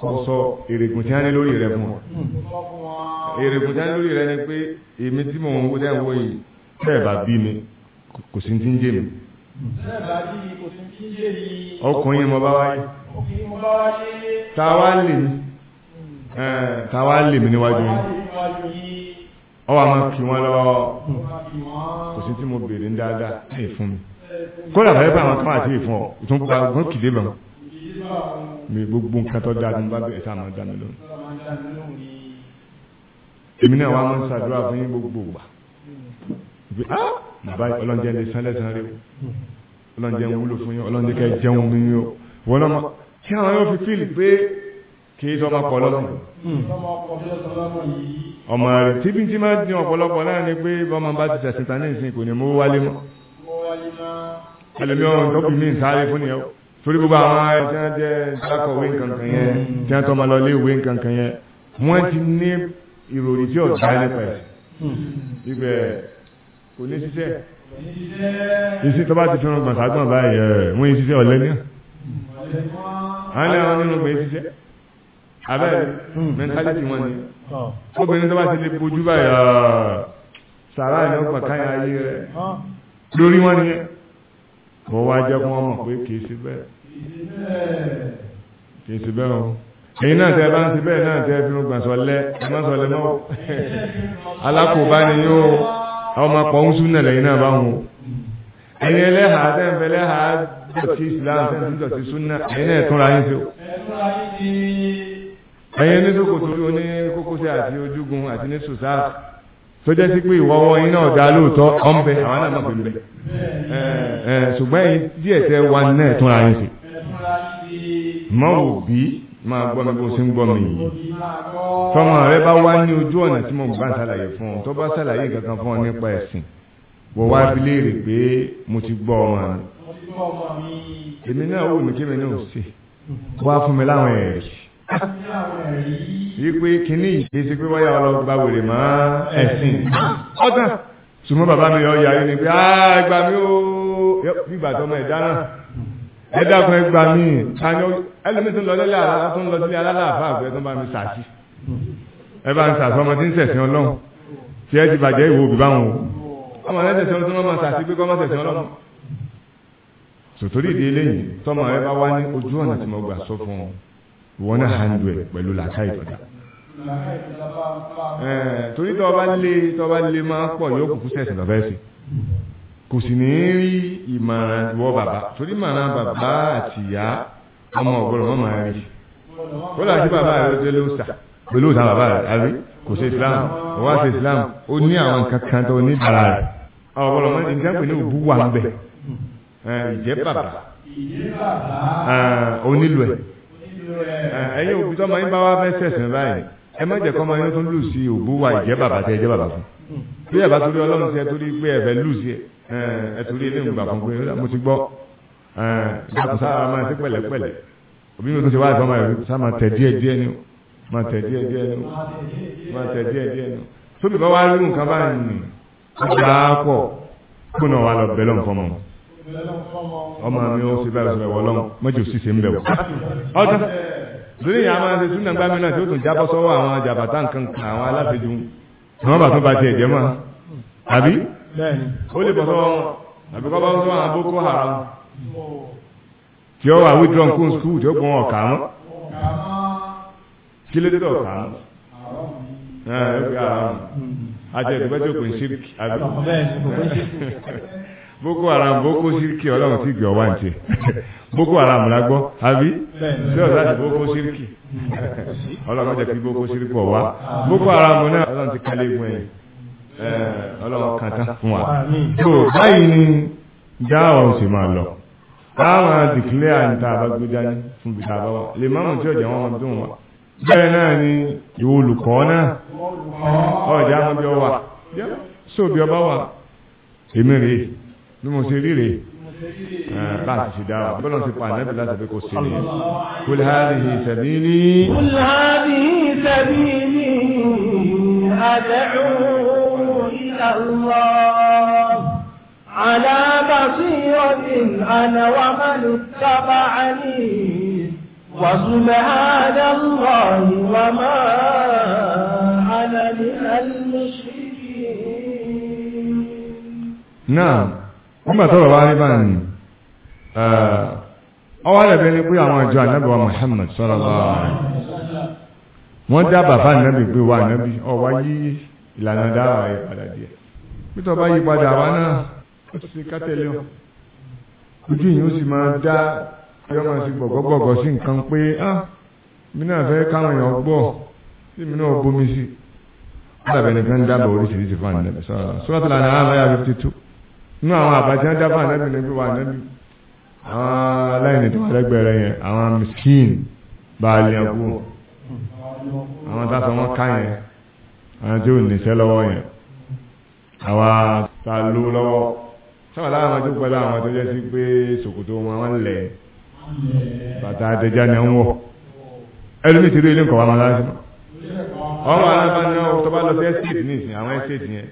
sọsọ èrègùn tí a ní lórí rẹ fún ọ èrègùn tí a ní lórí rẹ ni pé èmi tí mò ń wó dẹ́ ń wó yìí tẹ́ẹ̀ bá bí mi kò sí ti ń jẹ́ mi. ọkùnrin mo bá wáyé táwa lè mi táwa lè mi níwájú yìí ọwọ́ a máa kí wọ́n lọ́wọ́ kò sí tí mo béèrè ń dáadáa ẹ̀ fún mi. kódà fẹ́ bá àwọn kan àti ìfún ọ tún bá ọgbọ́n kìlé bá mi gbogbo nǹkan tó dáa ní bá bẹ̀rẹ̀ tá a máa dá mi lóhùn. èmi náà wà máa ń ṣàdúrà fún yín gbogbo gbà bí a bàbá ọlọ́njẹ lè sán lẹ́sàn rí ọlọ́njẹ ń wúlò fún yín ọlọ́njẹ kẹ́ jẹun mi yín o wọ́n lọ́mọ kí àwọn yóò fi fíìlì pé kì í sọmọ pọ̀ lọ́sùn. ọmọ rẹ̀ tíbi tí máa ń dín ọ̀pọ̀lọpọ̀ náà pé bọ́mọ bá ti tẹ̀síta ní ìsìn kò ní mú wálé mọ́ ẹlẹ́mi ọ̀hún tó fi mí sáré fún ni ẹ̀ torí gbogbo àwọn ẹ̀ tí wọ́n jẹ́ sákọ̀wé nkankan yẹn tí wọ́n tọ́mọ lọ léèwé nkankan yẹn wọ́n ti ní ìròyìn tí ọ̀dá nípa ẹ̀ ibẹ̀ kò ní ṣiṣẹ́ ìsí tó bá ti fẹ́ràn gbọ̀nságbọ̀n báyìí ẹ̀ wọ́n yìí ṣiṣẹ́ ọ̀lẹ́ ní àwọn àwọn nínú pé ṣiṣẹ́ abẹ́ mẹ́ntálítì wọn ni obìnrin tó bá ti lè bojú báyìí sàrá ìlú pàkáyà ayé rẹ̀ lórí wọn nìyẹn mo wá jẹ́ kí wọ́n mọ̀ pé kìí sí bẹ́ẹ̀ kìí sí bẹ́ẹ̀ o ẹ̀yin náà tẹ́ bá ń sí bẹ́ẹ̀ náà tẹ́ fi ń gbà sọlẹ́ ẹ má sọlẹ́ mọ́ alákòóbá ni yóò ọmọ pọ̀hún súnà lẹ́yìn náà bá wọn ẹ̀yin ẹlẹ́hà tẹ́ǹfẹ́ lẹ́hà dọ̀tí Islam tẹ́ǹdọ̀tí súnà ẹ̀yin náà tún ra yín sí o ẹ̀yin ní sókòtò oní kókósẹ̀ àti ojúgun àti ní sùsáà tó jẹ́ sí pé ìwọ́wọ́ iná ọ̀dà lóòótọ́ ọ̀nbẹ àwọn náà mọ̀ bẹ̀ ṣùgbọ́n ẹ̀yin díẹ̀ tẹ́ wa náà tún ra yín sí. mọ wò bí máa gbọ́ mi bó ṣe ń gbọ́ mi yìí tọmọ rẹ bá wá ní ojú ọ̀nà tí mo bá ń ṣàlàyé fún ọ tó bá ṣàlàyé kankan fún ọ nípa ẹ̀sìn wọ́n wá fi léèrè pé mo ti gbọ́ ọmọ mi èmi náà wò ní kí mi náà ṣe wá fún mi láwọn ẹ̀rí wípé kínní ìṣe sí pé wáyà ọlọ́gbà wèrè mọ́ ẹ̀sìn ọ̀tàn ṣùgbọ́n bàbá mi yọ yàrá ni pé àgbà mi ó bíbà tọmọ ẹ̀dá náà ẹ̀dá kan ẹgbà mi ẹlẹ́mi tó ń lọ sílé alálàáfà àgbẹ̀ tó ń bá mi sàṣì ẹ bá ń sàṣì ọmọ tí ń sẹ̀sìn ọlọ́run tí ẹ ti bàjẹ́ ìwò òbí báwọn o ọmọ rẹ sẹ̀sìn ọlọ́run tó máa sàṣì pé kọ́ máa sẹ̀sìn ọlọ́run sòtòrí ìdí eléyìí tọmọ rẹ bá wá ní ojú ọ̀nà tí mo gbà sọ fún ọ ìwọ́n náà handle ẹ̀ pẹ̀lú làákà ìtọ́jà eh, torí tọba lé tọba lé máa pọ̀ yóò kúkú sẹ̀sìn lọ́fẹ́ sí kò sì ní rí ìmọ̀ràn ìwọ bàbá torí ìmọ̀ràn bàbá àti ìyá ọmọ ọ̀gbọ́dọ̀ mọ́ máa rí ó là sí bàbá rẹ̀ tó lóòsà pẹ̀lú òsà bàbá rẹ̀ àrí kò sí Islam ó wá sí Islam ó ní àwọn nǹkan kan tó ní dára rẹ̀ ọ̀gbọ́dọ̀ mọ́ ìjà pẹ̀lú òbú wà ń bẹ̀ eh, ìjẹ́ bàbá eh, onílù ẹ̀ ẹ̀yin òbí tọ́mọ yín bá wá fẹ́ sẹ̀sìn báyìí ẹ má jẹ́ kọ́mọ yín tó lù sí òbú wa ìjẹ́ bàbá tẹ ẹjẹ́ bàbá fún bí ẹ bá torí ọlọ́run sí ẹ torí pé ẹ fẹ́ lù sí ẹ ẹ torí ilé ìgbà fún pé mo ti gbọ́ ẹ ìdàkùsá máa ti pẹ̀lẹ́pẹ̀lẹ́ òbí mi tó ti wá ìfọ́mọ rẹ̀ sá máa tẹ̀ díẹ̀ díẹ̀ ni máa tẹ̀ díẹ̀ díẹ̀ ni máa tẹ̀ díẹ̀ díẹ̀ ni tóbi bá wá rí nǹkan báyìí ni ọjà pọ̀ kúnà wa lọ bẹ́ẹ̀ ọmọ mi ó sì bá ẹ̀ sọ̀rọ̀ wọ́lọ́n mọ́jọ́ sì ṣe ń bẹ̀ wọ́n. lórí yẹn a máa ṣe súnà gbàmí náà tí ó tún jábọ́ sọ́wọ́ àwọn jàbàtà nǹkan kan àwọn aláfẹjù ni wọ́n bá tún ba tiẹ̀ jẹ́ mọ́ àbí ó lè bọ́ sọ́wọ́ wọn àbí kọ́ bá sọ́wọ́ àwọn Boko Haram tí ó wà wíjọ nǹkan skul tí ó gbọ́n ọ̀kà mọ́ kí ló dé ọ̀kà mọ́ ah, àti ẹ̀dùnkẹ́ tí ó pè ń ṣe àbí. boko haram boko siriki ọlọ́run ti gbọ̀ wá ń boko haram la gbọ́ àbí tí ọzọ ti boko siriki ọlọ́run jẹ́ kí boko siriki boko haram náà ọlọ́run ti kálé egun ẹ̀yìn ọlọ́run kan tán fún wa. báyìí ni já ọ̀run sì máa lọ dìkílẹ̀ àǹtà fún bìtà àbáwọ̀ lè tí ọ̀jẹ̀ wọn dùn wá. bẹ́ẹ̀ náà ni olùkọ́ náà so bí ọ bá bí mo ṣe ríre eh, láti ṣe dáwà bọ́lá ti pa ànábì láti fi kò ṣe rí kul hadhihi sabili. kul hadhihi sabili ad'u ila Allah ala basiratin ana wa man ittaba'ani wa subhana Allah wa ma ana nígbà tọ́rọ̀ wá rí báyìí ọwọ́ rẹ̀bẹ̀ ni pé àwọn ìjọ ànábì wa Muhammad sallallahu alaihi wasallam wọ́n dá bàbá ànábì pé wà ànábì ọwá yí ìlànà dáwà yí padà díẹ̀ pítọ̀ bá yí padà wá náà ó sì kátẹ́lẹ́ ojú yìí ó sì máa dá yọ́ máa sì gbọ̀gọ́gbọ̀gọ́ sí nǹkan pé ah mi náà fẹ́ káwọn èèyàn gbọ́ sí mi náà bomi sí. Àdàbẹ̀ nìkan dábàá oríṣiríṣi fún ànábì sọ́ra sọ́ra tó nínú àwọn àbájá dábà anábì ní wíwá anábì àwọn aláìní tó wà lẹ́gbẹ̀ẹ́ rẹ̀ yẹn àwọn miskin baálé àbú àwọn tásọ wọn ká yẹn àwọn tí ò níṣẹ́ lọ́wọ́ yẹn àwa ta ló lọ́wọ́ sábà láwọn tó pẹ̀lú àwọn tó jẹ́ sí pé ṣòkòtò wọn wọn lẹ̀ bàtà àtẹjá ni wọn wọ̀ ẹlòmíì ti rí ilé nǹkan wa máa lásìkò ọmọ alábàáná tó bá lọ sí ẹ́sítéètì ní ìsìn àwọn ẹ́sítéètì yẹn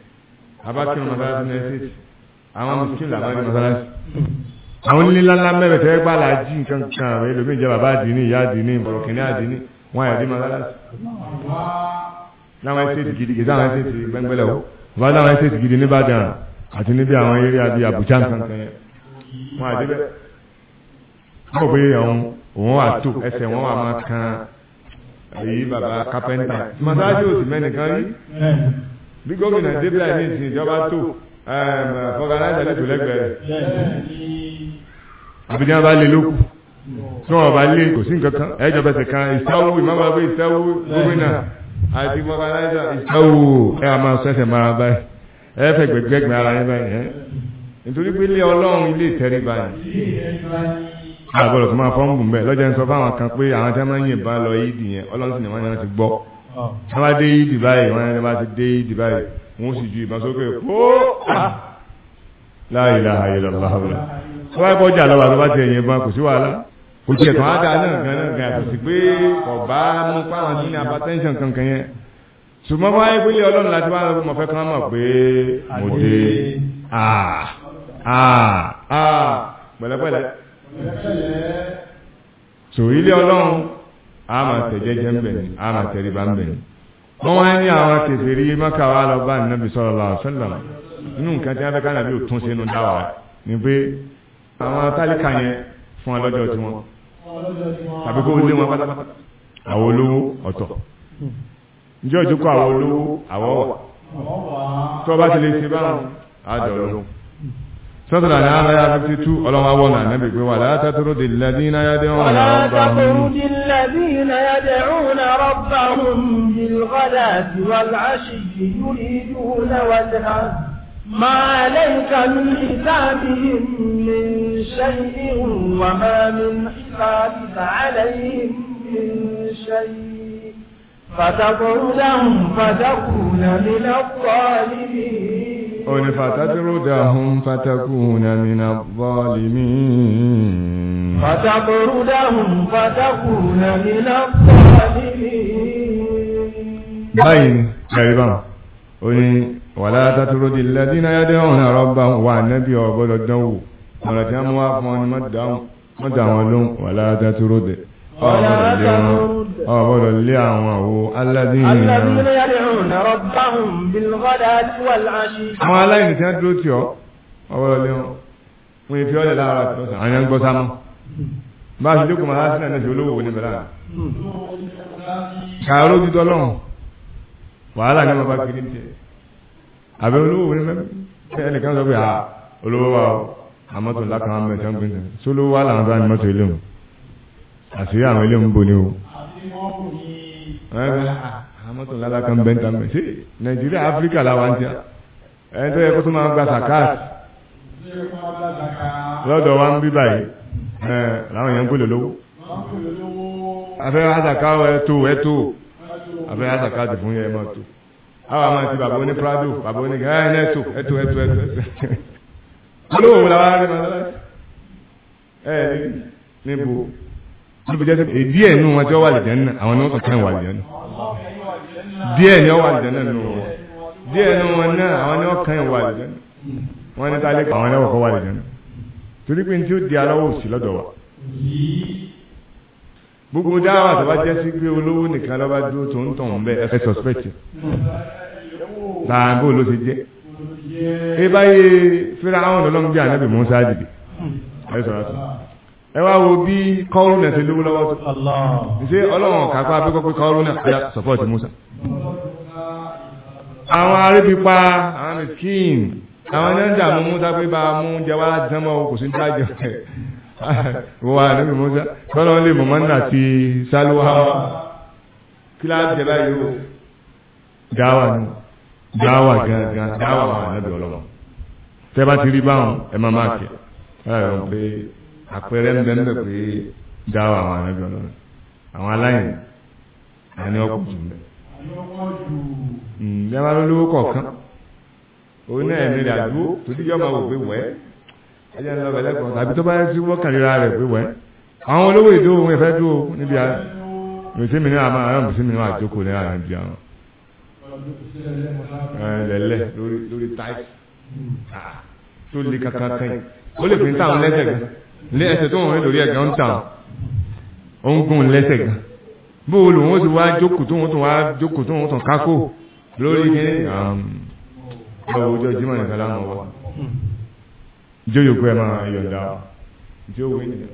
abákínú máa lásìkò ní ẹ́sítéètì àwọn mùsùlùmí làwọn ní mọ́sálásí àwọn nílé ńláńlá mẹ́rẹ̀ tẹ́ gbà láàjì nǹkan kan àwọn ẹlòmíì jẹ́ bàbá àdínní ìyá àdínní ìbọ̀rọ̀kìnní àdínní wọn àyàdí mọ́sálásí. láwọn ẹsẹ̀ ti gidi gidi àwọn ẹsẹ̀ ti gbẹ́ngbẹ́lẹ̀ o bá láwọn ẹsẹ̀ ti gidi nìbàdàn àti níbi àwọn eré àbí àbújá nǹkan kan yẹn wọn àdí bẹ́ẹ̀. wọ́n pè é ọ̀hún òun àtò ẹsẹ̀ wọn wà máa kan èyí bàbá kápẹ́ńtà mọ́sálásí ò sì mẹ́nìkan rí bí gómìnà débìlà ní ìsìn ìjọba tó fọ́gánáìsà lè tò lẹ́gbẹ̀ẹ́ àbí ní a bá lè lókù tí wọ́n bá lè kò sí nǹkankan ẹjọ́ bẹ̀sẹ̀ kan ìsáwó ìmọ́bàbí ìsáwó gómìnà àti fọ́gánáìsà ìsáwó ẹ a máa sẹ́sẹ̀ mara báyìí ẹ fẹ́ gbẹ̀gbẹ̀gbẹ̀ ara yín báyìí nítorí pé ilé ọlọ́run ilé ìtẹ́rí báyìí àgbọ̀dọ̀ tó máa fọ́n bùn bẹ́ẹ̀ lọ́jọ́ ń sọ fáwọn kan pé àwọn tí wọ́n máa ń yìnbọn lọ yídì yẹn ọlọ́run sì ni wọ́n yẹn ti gbọ́ tí wọ́n bá dé yídì báyìí wọ́n yẹn ti dé yídì báyìí wọ́n sì ju ìbọn sókè kó ah! la ilaha illallah tó bá kọjá lọ́wọ́ tó bá ti ẹ̀yìn ìbọn kò sí wàhálà kò tiẹ̀ tán á dáa náà gan-an gan àti sí pé ọ̀bá mú páwọn ní abatẹ́ńsàn kankan yẹn ṣùgbọ́n wọ́n á ah! Ah! a máa tẹ̀jẹ́jẹ́ ń bẹ̀ ni a máa tẹríba ń bẹ̀ ni wọ́n wá ní àwọn kèfèrí mọ́kà wá lọ bá nàbì sallallahu alaihi wasallam nínú nǹkan tí wọ́n fẹ́ ká nàbì ò tún sínú dáwà ni pé àwọn tálíkà yẹn fún ọlọ́jọ́ tí wọ́n tàbí kó lé wọn pátápátá àwọn olówó ọ̀tọ̀ ǹjẹ́ òjòkó àwọn olówó àwọ̀ wà tó bá ti lè ṣe báwọn àjọ̀ sọ́tàrà ní àlàyé fifty two ọlọ́wọ́ àwọn náà nẹ́bí pé wà látà tó rọ́dì lẹ́dí náà yá dẹ́wọ̀n náà rọ́bà hùn. ما عليك من حسابهم من شيء وما من حسابك عليهم فتقولهم فتكون من الظالمين òní fàtàtúrúdà hùn fàtàkùnà mìnà bọ́ọ̀lìmí. fàtàkùrúdà hùn fàtàkùnà mìnà bọ́ọ̀lìmí. báyìí ni gàrí bá wọn ó ní wàlá tàtúrúdì lẹ́dínà yàdé ọ̀nà rọ́bà wà nẹ́bí ọ̀gbọ́dọ̀ dánwò ọ̀rọ̀ tí wọ́n mú wá fún ọ ní mọ́dà wọn lóhùn wàlá tàtúrúdì ọ̀bọ̀dọ̀ lé àwọn àwọ aládìyàn àwọn aláìní tí wọ́n dúró tí ọ ọ̀bọ̀dọ̀ lé wọn wọ́n èfi ọ̀lẹ̀ lára tí ó sàn àwọn ẹgbọ́ sámọ́ bá a ṣe jókòó máa sínà náà olówó wọlé bẹ̀rẹ̀ kàáró jíjọ lọ́hùn wàhálà ní ọmọ kiri tẹ àbẹ olówó wọlé bẹ̀rẹ̀ ẹnìkan sọ pé olówó wa àmọ́tò ńlá kan mẹ́tẹ́ ń gbé sólówó wà láwọn bá ní mọ́tò ilé wọn àṣírí àwọn ilé ń bo ni o. àmọ́tò ńlá kan bẹ́ẹ̀ ta mẹ́ sí nàìjíríà áfíríkà làwọn ti ẹni tó yẹ kó tó máa gba zakat lọ́dọ̀ wa ń bí báyìí làwọn èèyàn ń gbélé lówó. afẹ́ àzàká ẹ tó ẹ tó ti fún yẹ ẹ àwọn àmọ́ ti bàbá oní prado bàbá oní gẹ́gẹ́ ẹ tó ẹ tó ẹ tó ẹ tó. olówó wo làwọn arìnrìn àlọ́ ẹ níbo ló fi jẹ́ sẹ́kẹ̀ èdí eh, ẹ̀ nù wọn tí ó wà lìjẹ́ náà àwọn ni wọ́n kàn wà lìjẹ́ náà díẹ̀ ni ó wà lìjẹ́ náà nù wọn díẹ̀ nù wọn náà àwọn ni wọ́n kàn wà lìjẹ́ náà wọ́n ní tálẹ́ àwọn ni wọ́n kọ́ wà lìjẹ́ náà torí pé tí ó di aláwọ̀ òsì lọ́dọ̀ wa gbogbo dáhà tó bá jẹ́ sí pé olówó nìkan lọ́ba dúró tó ń tàn ń bẹ́ ẹ sọ̀spẹ̀tì tààbò ló ti jẹ́ ẹ báyé fíráhùn lọ́lọ́gbé ànábì ẹ wá wo bí kọ́ọ̀rù náà ṣe lówó lọ́wọ́ tó. ṣé ọlọ́run kà pa pípọ́ pé kọ́ọ̀rù support Musa. àwọn arébipa àwọn mìkín àwọn ní ọjà mú Musa pé bá a mú jẹwà dánmọ́ kò sí dájọ́ wà níbi Musa tọ́lọ́ lè mọ̀mọ́ náà ti sálúwà kíláàsì ẹ̀ báyìí o. dáwà ni dáwà gangan dáwà wà nábì ọlọ́run tẹ́ bá ti rí báwọn ẹ̀ máa máa kẹ́ ẹ̀ rọ̀ pé àpẹẹrẹ ń bẹ́ẹ̀ bẹ́ẹ̀ pé dáwọ́ àwọn ànábì ọlọ́run àwọn aláìní àní ọkùnrin bẹ́ẹ̀. Hmm, bí a máa lólówó kọ̀ọ̀kan òun náà ẹ̀mí rẹ̀ àdúró tó díjọ́ máa wò pé wẹ́ ẹjẹ́ ń lọ bẹ̀lẹ́ kan tàbí tó bá sí wọ́kànlélá rẹ̀ pé wẹ́ àwọn olówó ìdó òun ẹ̀fẹ́ dúró níbi àná mùsùlùmí náà máa rán mùsùlùmí náà àjókòó náà rán bí àwọn lẹ́lẹ́ lórí táìsì ah, tó le kankan kan ó lè fi ń táwọn lẹ́sẹ̀ gan lé ẹsẹ̀ tó wọ́n lórí ẹ̀gán ń tàn ó ń lẹ́sẹ̀ gan bó o lòun ti wá jókòó tó wọ́n tó wá jókòó tó wọ́n tó kákó lórí kí báwo ojú ọjọ́ ìmọ̀ nìkan láwọn wá ìjọ ẹ̀ máa yọ̀ǹda ìjọ òwe nìkan.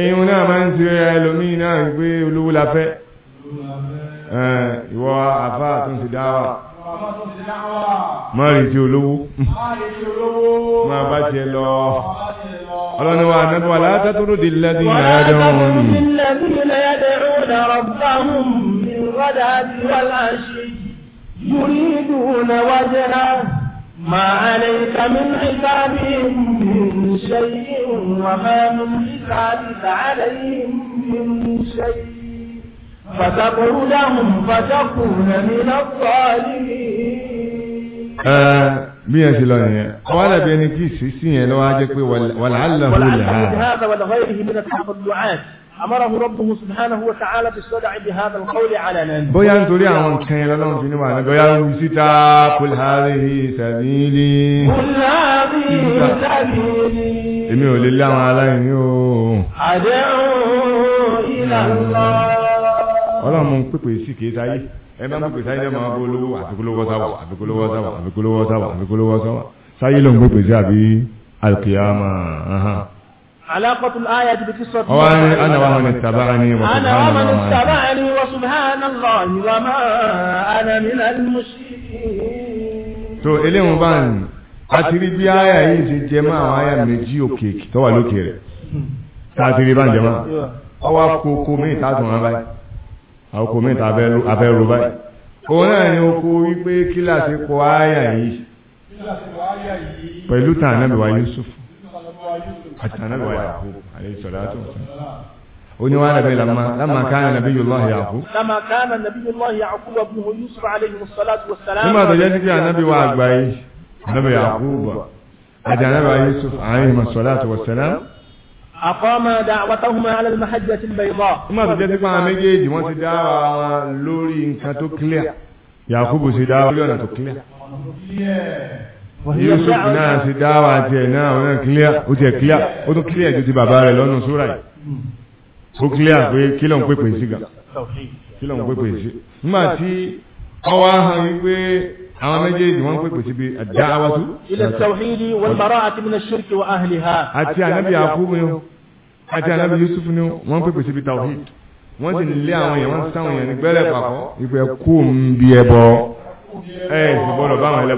ẹ̀yin náà máa ń ti rẹ̀ ẹlòmíì náà gbé olówó la fẹ́ ìwọ àfá tó ń ti dáwà máa rí ti olówó máa bá tiẹ̀ lọ. ربنا وعنك ولا تترد الذين يدعون ولا تترد الذين يدعون ربهم من غداة والعشي يريدون وجهه ما عليك من حسابهم من شيء وما من حسابك عليهم من شيء لهم فتكون من الظالمين آه. bí yẹn ti lọ yẹn wọ́n dàbí ẹni tí ìsísí yẹn lọ́wọ́ á jẹ́ pé wàlhálàhù làá. أمره ربه سبحانه وتعالى بالصدع بهذا القول علنا بويا نتوري عن كان لهم في نما بويا نسيتا هذه سبيلي قل سبيلي èmi ò lè lé àwọn aláìní o. àdéhùn ìlànà. ọlọ́run mo ń pèpè sí kìí ẹ máa ń gbèsè ayé àfikúlówó sáwà àfikúlówó sáwà àfikúlówó sáwà àfikúlówó sáwà sáyé ló ń gbé àbí alkiyama. علاقة الآية بقصة وأنا أنا ومن اتبعني وسبحان أنا ومن اتبعني وسبحان الله وما أنا من المشركين. تو إليهم بان àtìrí bí àyà yìí ṣe jẹ máa àwọn àyà méjì òkè tó wà lókè rẹ̀ tààtìrí bá ń jẹ máa ọwọ́ kókó mí ìtàkùn rán báyìí àwọn kò mẹ́ta abẹ́rù báyìí òun náà ni ó kó wípé kíláàsì kọ áyà yìí pẹ̀lú tàn náà bẹ̀wà Yusuf àti tàn náà bẹ̀wà yàkó àlẹ́ ìsọ̀lá tó sọ oni wa nabi lamma lamma kana nabiyullah yaqub lamma nígbà tó jẹ́ ti anabi wa àgbáyé anabi yaqub àti anabi yusuf alayhi salatu wa salam àkọ́mọ da àwọ̀tọ́húnmọ́ alẹ́lẹ́mọ́hájúwẹ́ tí ń bẹ ìbọ̀. ó máa fi jẹ́ pípa àwọn méjèèjì wọ́n ti dá wọn lórí nǹkan tó clear Yakubu sì dá wọn lórí ọ̀nà tó clear Yusuf náà sì dá wọn àti ẹ̀ náà wọn clear ó tiẹ̀ clear ó tún clear ju ti bàbá rẹ̀ lọ́nu sóra yìí ó clear pé kí ló ń pèpè sí ga kí ló ń pèpè sí. nígbà tí ọwọ́ hàn wípé àwọn méjèèjì wọ́n pèpè síbi àdáwàtú. ilẹ̀ tawhidi wal bara'ati min ash-shirki wa ahliha. àti ànábì àkúmù àti alábi Yusuf ni wọ́n pèpè síbi tawhid wọ́n sì lé àwọn èèyàn wọ́n sáwọn èèyàn ní gbẹ́rẹ́ papọ̀ ìgbẹ́ kú òǹbi ẹbọ ẹ sì bá sí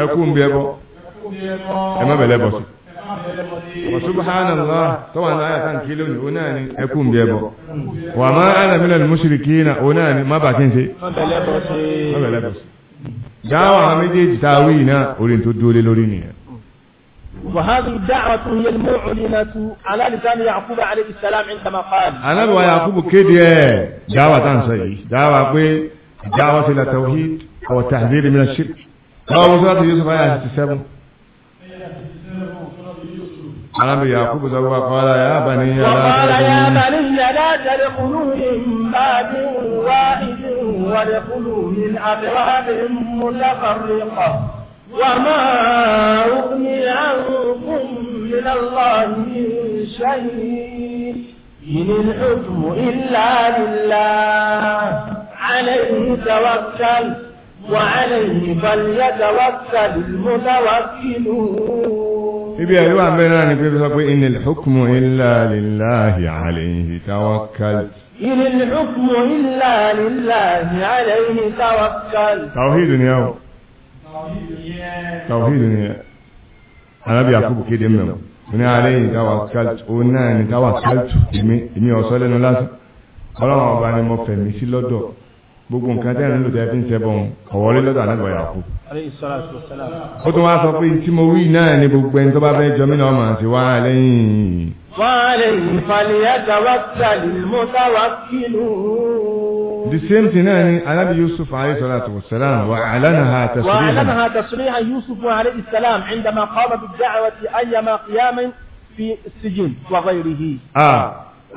ẹ kú ẹbọ ẹ má bẹ̀lẹ́ bọ̀ sí. subhanallah kílò ní ẹ kú ẹbọ wà má ana minal má ṣe má sí. àwọn a wí orin وهذه الدعوة هي المعلنة على لسان يعقوب عليه السلام عندما قال أنا بوا يعقوب كده دعوة سيد دعوة بي دعوة إلى التوحيد أو التحذير من الشرك أو وزارة يوسف آية 67 أنا يعقوب زوا قال يا بني يا لا تدخلوا من باب واحد وادخلوا من أبواب متفرقة وما أغني عنكم من الله من شيء إن الحكم إلا لله عليه توكل وعليه فليتوكل المتوكلون ibi àríwá abẹ́rẹ́ náà ni pé bí sọ pé inil hukmu illa lillahi alayhi tawakkal. inil hukmu illa lillahi alayhi tawakkal. tawhid ni ọ́. tawhid ni alábì àkókò kéde mẹ́wọ̀n mo ní alẹ́ yìí káwà káltù ó náà ní káwà káltù èmi ọ̀sọ́ lẹ́nu lásán ọlọ́run ọba ni mo fẹ̀mí sí lọ́dọ̀ gbogbo nǹkan tẹ́rin ló tẹ́ fi ń sẹ́bọ̀n ọ̀wọ́lé lọ́dọ̀ àlẹ́bọ̀ yàkó. ó tún wá sọ pé tí mo wí náà ni gbogbo ẹni tó bá fẹ́ jọ mí náà mà sí wá lẹ́yìn. wọ́n á lè ìfàlẹ́yàtà wá tàlí mọ́tà wá kílù the same thing náà ni alábi yusuf alayhi salatu wa salam wa alanaha tasrihan. wa alanaha tasrihan yusuf alayhi salam indama qama bi da'wati ayyama qiyamin fi sijin wa ghayrihi.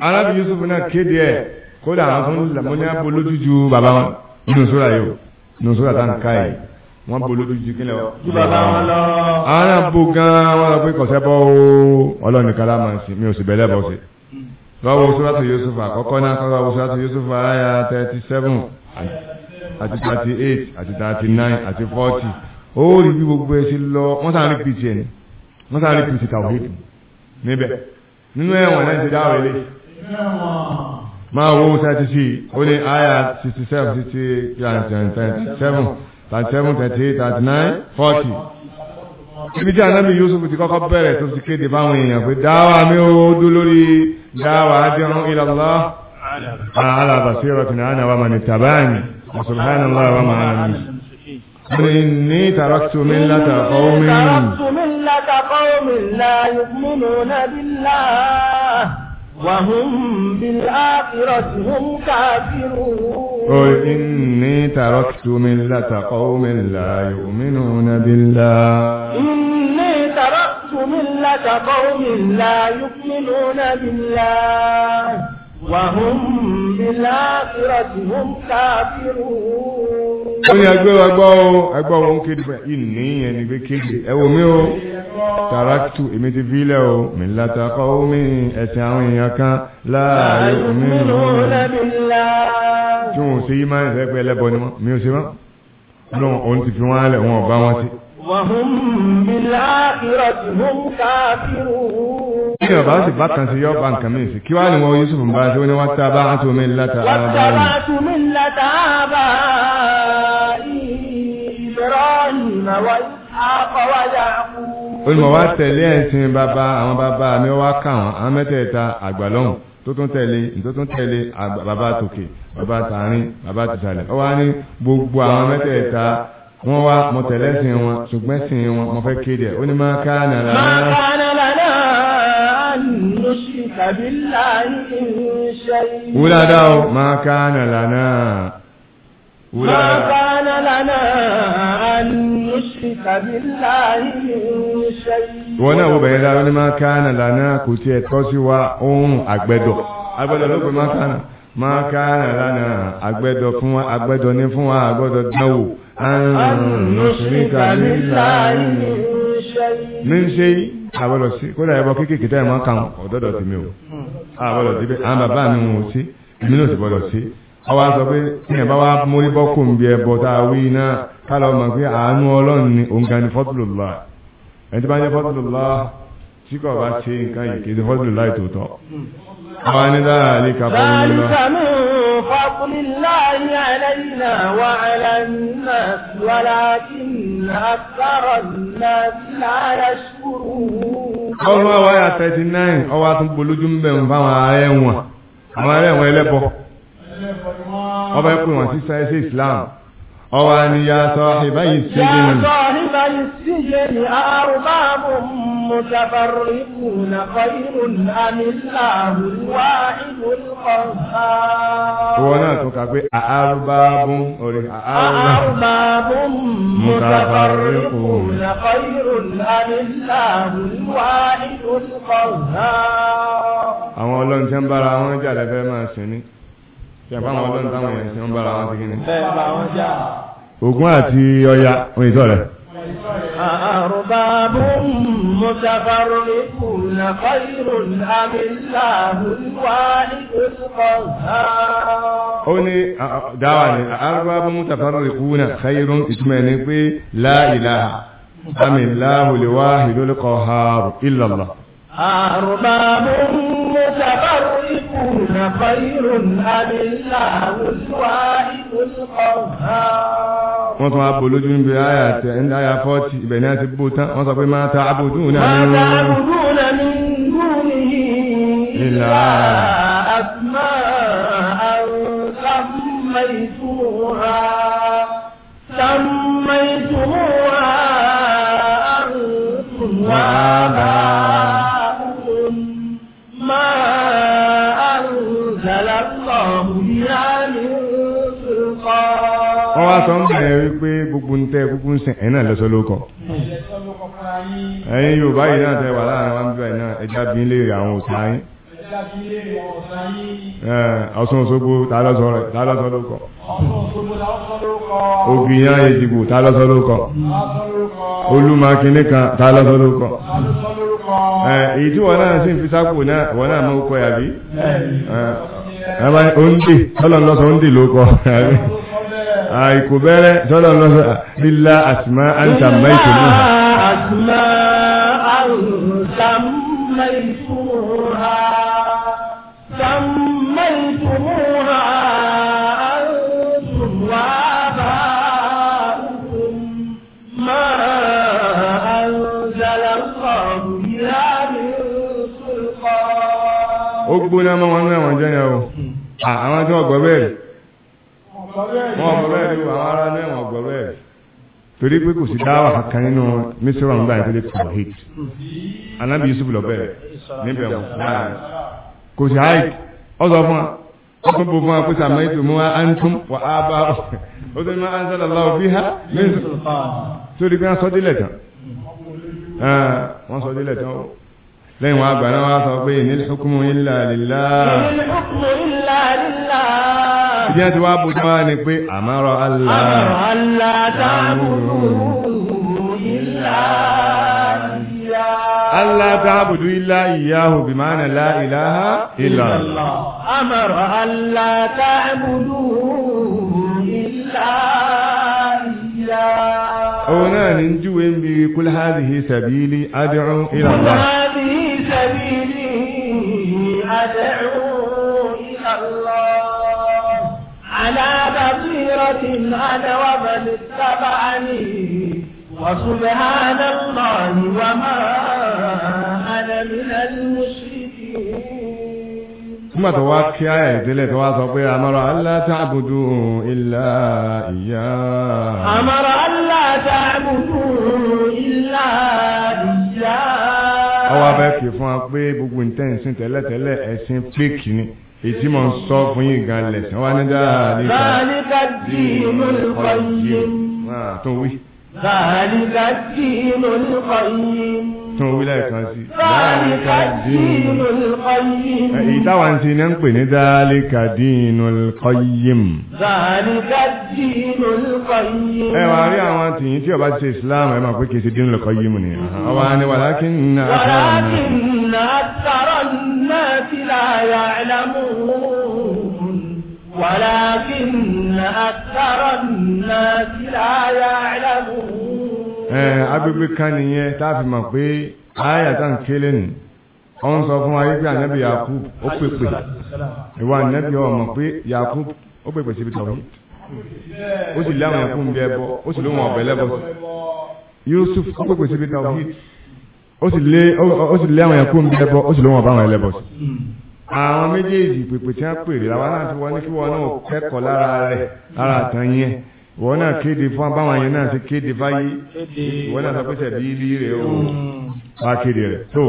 alábi ah, yusuf náà kéde ẹ kódà àwọn fún lamọ́nyá bolójúju bàbá wọn nínú sóra yìí nínú sóra tá n ká yìí wọ́n wọn lọ. àwọn náà bo gan-an wọ́n lọ pé kọ̀sẹ́ bọ́ ọ́ ọlọ́ọ̀nìkan lá máa ń mi ò sì bẹ́ẹ̀ lẹ́bọ̀ọ́ sí lọ́wọ́ sọ́dọ̀tù Yusuf àkọ́kọ́ náà kọ́kọ́ wọ sọ́dọ̀tù Yusuf aláya thirty seven àti thirty eight àti thirty nine àti forty ó rí bí gbogbo ẹ ṣe lọ wọ́n sáré pìtì ẹ̀ ní wọ́n sáré pìtì tàwíìdì níbẹ̀ nínú ẹ̀wọ̀n náà ti dáwọ̀ ilé máa wo thirty three ó ní aya sixty seven sixty seven thirty seven thirty eight thirty nine forty ibi tí anabi Yusuf ti kọ́kọ́ bẹ̀rẹ̀ tó ti kéde báwọn èèyàn pé dáwọ̀ àmì ó dúró lórí. دعوة أدعو إلى الله على بصيرة أنا ومن اتبعني وسبحان الله وما أنا قل إني تركت ملة قوم تركت ملة قوم لا يؤمنون بالله وهم بالآخرة هم كافرون قل إني تركت ملة قوم لا يؤمنون بالله ملة قوم لا يؤمنون بالله وهم بالآخرة هم كافرون ó ní wa gbọ́ o ẹgbọ́ wọn ń kéde fún ìní yẹn ni pé kéde ẹ wò mí o tààràtù èmi ti fi ilẹ̀ o mi láta kọ́ omi ẹ̀sìn àwọn èèyàn kan láàyè omi nù tí wọn ò sí yí máa ń sẹ́pẹ́ ẹlẹ́bọ ni wọn mi ò sí wọn lóun òun ti fi wọn lẹ̀ wọn ò wọn sí. وهم mílá ìrọ̀tì hùn káfírù. Kí ọba sì bá kan sí yọ bá nǹkan mi sí, kí wá ní wọn Yusuf ń bá ṣe wọ́n ní wọ́n tábà á tún mi láta àbá. Wọ́n tábà Olùmọ̀ wá tẹ̀lé ẹ̀sìn bàbá àwọn bàbá mi wá kà wọ́n, àwọn mẹ́tẹ̀ẹ̀ta àgbàlọ́hùn tó tún tẹ̀lé tó tún tẹ̀lé bàbá tòkè, bàbá tààrin, bàbá tìsàlẹ̀. Ó wá ní gbogbo àwọn mẹ́tẹ̀ẹ̀ta wọ́n wá mo tẹ̀lé sìn wọn ṣùgbọ́n sìn wọn mo fẹ́ kéde ẹ̀ ó ní máa ká nàlá. máa ká nàlá náà ló ṣì tàbí láàyè ṣe. wúlá dá o máa ká nàlá náà. wúlá dá. máa ká nàlá náà ló ṣì tàbí láàyè ṣe. wọn náà wọ bẹ̀rẹ̀ dára ó máa ká nàlá náà kò tiẹ̀ tọ́ sí wa ohun àgbẹ̀dọ̀ àgbẹ̀dọ̀ ló pè máa ká nàlá náà àgbẹ̀dọ̀ fún wa àgbẹ̀dọ̀ ní fún wa àgbẹ̀dọ̀ dánwò an nusrika billahi min shay àbọ̀dọ̀ sí kódà ẹbọ kéékèèké táyà máa kàn ọ̀dọ́dọ̀ tèmi o àbọ̀dọ̀ síbẹ̀ àwọn bàbá mi wò sí èmi náà sì bọ̀dọ̀ sí ọwọ́ a sọ pé tíyẹn bá wá mórí bọ́ kò ń bí ẹbọ tá a wí náà ká lọ mọ̀ pé àánú ọlọ́run ni òǹkà ni fọ́tùlùlá ẹni tí bá ń jẹ́ fọ́tùlùlá tí kò bá ṣe nǹkan yìí kì í ṣe fọ́tùlùlá ìtòótọ́ àwọn ní dáàlì kàfẹ́ nínú ọmọ wáyà 39 ọwá tún bolójú ń bẹ̀rùn fáwọn ààrẹ wọn àwọn ààrẹ wọn ẹlẹ́bọ ọba ẹkùn wọn sí sáyẹ́sì Islam ọwà ni ya sọ́hìbá ìsìnkú àrùbáàbù mùtàfàríkù na kọ́ìrùn àmìláàrù wá ìlú ọ̀sá wọ́n náà tó kà pé àrùbáàbù orí àrùbáàbù mùtàfàríkù na kọ́ìrùn àmìláàrù wá ìlú ọ̀sá àwọn ọlọ́run tẹ́ ń bára wọn jà lẹ́fẹ́ máa sìn ní ṣàpá àwọn ọlọ́run táwọn èèyàn ṣe ń bára wọn ti kí ni. Ògún àti Ọya oyin tọ́ rẹ̀. Àrùbábù Mùsàfàrù ìkùnà Fáìrù Amíláhù wá ìgbésùkọ̀ ó ní dáwà ní àrùbábù Mùsàfàrù ìkùnà Fáìrù ìtumẹ̀ ní pé la ilaha amíláhù lè wá ìlólùkọ̀ أرباب متفرقون خير أم الله الواحد القهار wọ́n tún wá bolójú ń bẹ àyà tẹ ń dáyà fọ́ọ̀tì ibẹ̀ ní àti bó tán wọ́n sọ pé máa ta àbùdù náà nínú. máa wá sọ ń bẹ̀rẹ̀ wípé gbogbo ń tẹ́ gbogbo ń sìn ẹ̀yìn náà lẹ́sọ ló kọ̀. ẹ̀yin Yorùbá yìí náà tẹ́ wà láàrin wa ń bíbá yìí náà ẹja bí lè rí àwọn òsà yín. Ọ̀ṣun Òṣogbo tá lọ́sọ ló kọ̀. Ògìyàn Èjìgbò ta lọ́sọ ló kọ̀. Olúmọ kìnní kan ta lọ́sọ ló kọ̀. Èyí tí wọ́n náà sì ń fi sápò náà wọ́n náà mọ́ kọ́ yàbí. Oúnjẹ, ọlọ́run lọ́sọ oúnjẹ ló kọ̀ àìkò bẹ̀rẹ̀ sọ́dọ̀ lọ́sọ̀ lílá àtìmá àǹtàmá ìtòlú. àtìmá àǹtàmá ìtòlú ha sàmá ìtòlú ha àǹtòlú wa bá òkun máa àǹzàlá kọ̀ọ̀bù yá mi ó gbóná mọ́ wọn náà wọ́n jẹ́ yẹn o àwọn tí wọ́n gbọ́ bẹ́ẹ̀ wọn gbọ́rọ̀ ẹ̀ ló àwọn ará náà wọn gbọ́rọ̀ ẹ̀ torí pé kò sí dáwà kankan nínú mísírà ń gbà ẹ̀ tẹ́lẹ̀ tọ̀ hate anábì Yusuf lọ bẹ̀rẹ̀ níbẹ̀ kò sí hait ọ̀sọ̀ fún wa wọ́n tún bò fún wa pé sàmì ètò mú wa antum wà á bá ọ̀ ó sì máa ń sọ̀rọ̀ lọ́wọ́ bí ha torí pé wọ́n sọ délẹ̀ tán wọ́n sọ délẹ̀ tán لين ما بنا صبين الحكم إلا لله الحكم إلا لله جد وابو جوانك بي أمر الله أمر الله تعبدوا إلا إياه الله تعبدوا إلا إياه بمعنى لا إله إلا الله أمر الله تعبدوا إلا إياه هنا ننجو بكل هذه سبيلي أدعو إلى الله أدعو إلى الله على بصيرة أنا ومن اتبعني وسبحان الله وما أنا من المشركين ثم تواك يا إدلة تواصف يا أمر ألا تعبدوا إلا إياه أمر ألا تعبدوا إلا إياه ọwọ́ abẹ́ kì í fún wa pé gbogbo ìtẹ́ǹsìn tẹ́lẹ̀tẹ́lẹ̀ ẹ̀sìn pé kìíní ètí mọ̀ ń sọ fún yín gan lẹ̀sìn wa ní dáadáa. zálíkà dì í mú ní kọ́ yìí. tó wí. zálíkà dì í ní kọ́ yìí tún wílẹ̀ kan sí. èyí táwọn ti ní ń pè ní dáálíkà dínul qayyim. ẹ wàá rí àwọn tìyín tí ọba ti ṣe islam ẹ máa pé kìí ṣe dínul qayyim ni ọba ni walakinna akthara an-nasi la ya'lamun. walakinna akthara an-nasi la ya'lamun agbègbè kan nìyẹn tá a fi mọ̀ pé àyà tá n kélé nì ọ ń sọ fún wa yípe ànábì yakub ó pèpè ìwà ànábì ọmọ pé yakub ó pèpè síbi tọ̀wé ó sì láwọn ẹ̀kú ń bí ẹbọ ó sì lóhun ọ̀bẹ lẹ́bọ yusuf ó pèpè síbi tọ̀wé ó sì lé àwọn ẹ̀kú ń bí ẹbọ ó sì lóhun ọ̀bá àwọn ẹlẹ́bọ sí àwọn méjèèjì pèpè tí wọ́n pèrè làwọn aláǹtí wọn ní kí wọn náà kẹ́kọ̀ọ́ lára rẹ̀ lára àtàn yẹn wọn náà kéde fún abáwọn yẹn náà ti kéde fáyé wọn náà sọpẹ́sẹ̀ bí ibi rẹ̀ o bá mm. kéde rẹ̀ tó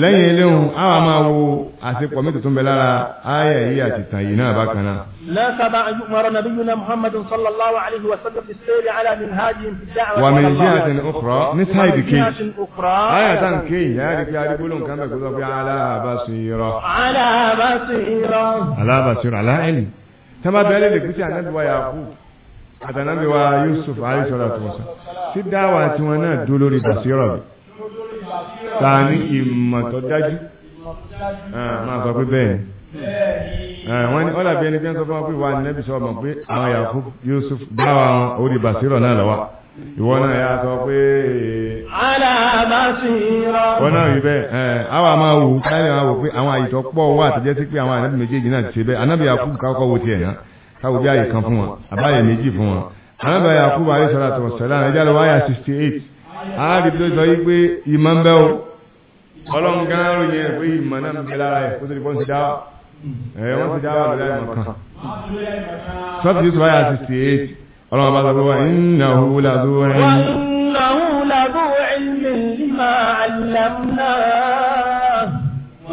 lẹ́yìn eléhùn àwọn máa wo àsepọ̀ mi tuntun bẹ lára ayé yìí àti tàn yìí náà bákan náà. ناسب أن يؤمر نبينا محمد صلى الله عليه وسلم بالسير على منهاجهم في الدعوة ومن جهة أخرى نسعي بكي أخرى آية تنكي يا رب يا رب كما يقول على بصيرة على بصيرة على بصيرة على علم كما بيالي لك بسي عن نبوة يعقوب àtànábì wa Yusuf alayisọ́lá tó sọ tí dáwà tí wọn náà dúró lórí bàṣírọ̀ bí ta ní ìmọ̀ tó dájú ah, máa sọ pé bẹ́ẹ̀ ah, wọ́n ní ọ̀là bíi ẹni tí wọ́n sọ fún wa pé wà nẹ́bí sọ ọmọ pé àwọn yàkú Yusuf dáwà wọn orí bàṣírọ̀ náà lọ́wọ́ ìwọ náà yà sọ pé wọ́n náà rí bẹ́ẹ̀ eh, àwọn àmà wù káyọ̀ àwọn àyìtọ́ pọ̀ wà àtẹ̀jẹ́ pé àwọn ànábì méjèèjì náà ti ṣe bẹ́ẹ̀ ànábì káwọ́ bí àyè kan fún wọn àbáyè méjì fún wọn. anábà yakubu alayhi salatu wa salam ẹjá lọ wáyà sixty eight ààrẹ tó sọ yí pé ìmọ̀ ń bẹ o ọlọ́run gánà ló yẹ pé ìmọ̀ náà ń bẹ lára ẹ̀ kó tó di pọ́n ti dá ẹ̀ wọ́n ti dá wà lórí àyè kan. sọ́ọ̀tì yìí sọ wáyà sixty eight ọlọ́run bá sọ pé wà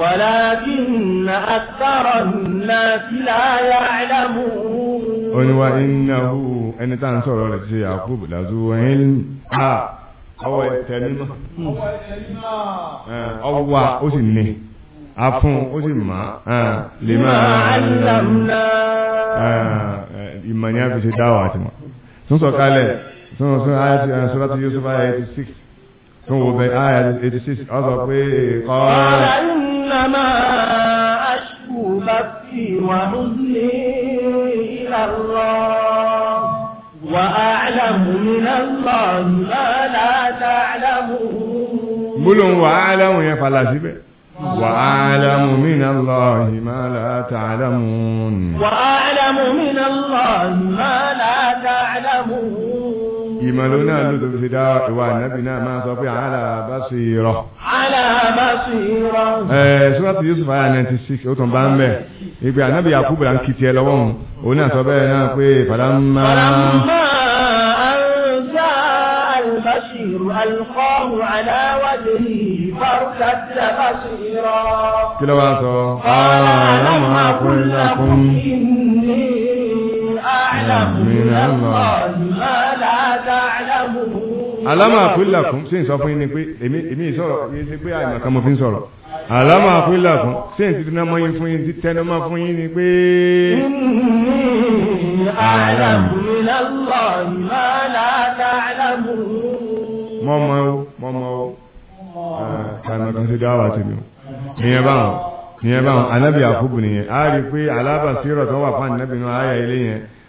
ولكن أكثر الناس لا يعلمون oníwà ìnáwó ẹni tá à ń sọ̀rọ̀ rẹ̀ ṣe yakub lazu ẹ̀yìn a ọwọ́ ìtẹ̀límọ̀ ọwọ́ ó sì ní a fún ó sì mọ̀ lè máa ìmọ̀ ni a fi ṣe dáwà àti mọ̀ tún sọ kalẹ̀ tún sọ ayati suratu Yusuf ayati six tún wo bẹ ayati eighty six ọ sọ pé kọ́ ọ́. إنما أشكو بكي وحزني إلى الله وأعلم من الله ما لا تعلمون بلون وأعلم يا فلاسفة وأعلم من الله ما لا تعلمون وأعلم من الله ما لا تعلمون ìmọ̀ ló náà ló tó fi dá ìwà ànábì náà máa sọ pé àhálà bá sì rọ. àhálà bá sì rọ. ẹ sọ́dọ̀tì Yusuf ayé ninety six ó tún bá ń bẹ̀ ìgbé ànábì Yakubu ń kìtì ẹ lọ́wọ́ òun òun náà sọ bẹ́ẹ̀ náà pé fàdámà. fàdámà àrùjá àlùbáṣirù alùkọ́hùn aláwàdìrí fárúkà tí a bá sì rọ. kí ló wá sọ. fàdámà kúnlá kún alama àfúlàkùn sí ń sọ fún yín ni pé èmi ìsọ̀rọ̀ yìí ṣe pé àìmọ̀ kan mo fi ń sọ̀rọ̀ alama àfúlàkùn sí ń títí náà mọ́ yín fún yín tí tẹnu mọ́ fún yín ni pé. mọ́ mọ́ ó mọ́ mọ́ ó kàmọ́ kan ṣe dáwà tèmi o ìyẹn báwọn ìyẹn báwọn anábì àfúbù nìyẹn a rí i pé alábàṣírọ̀ tó wà fún anábì náà ayà ilé yẹn.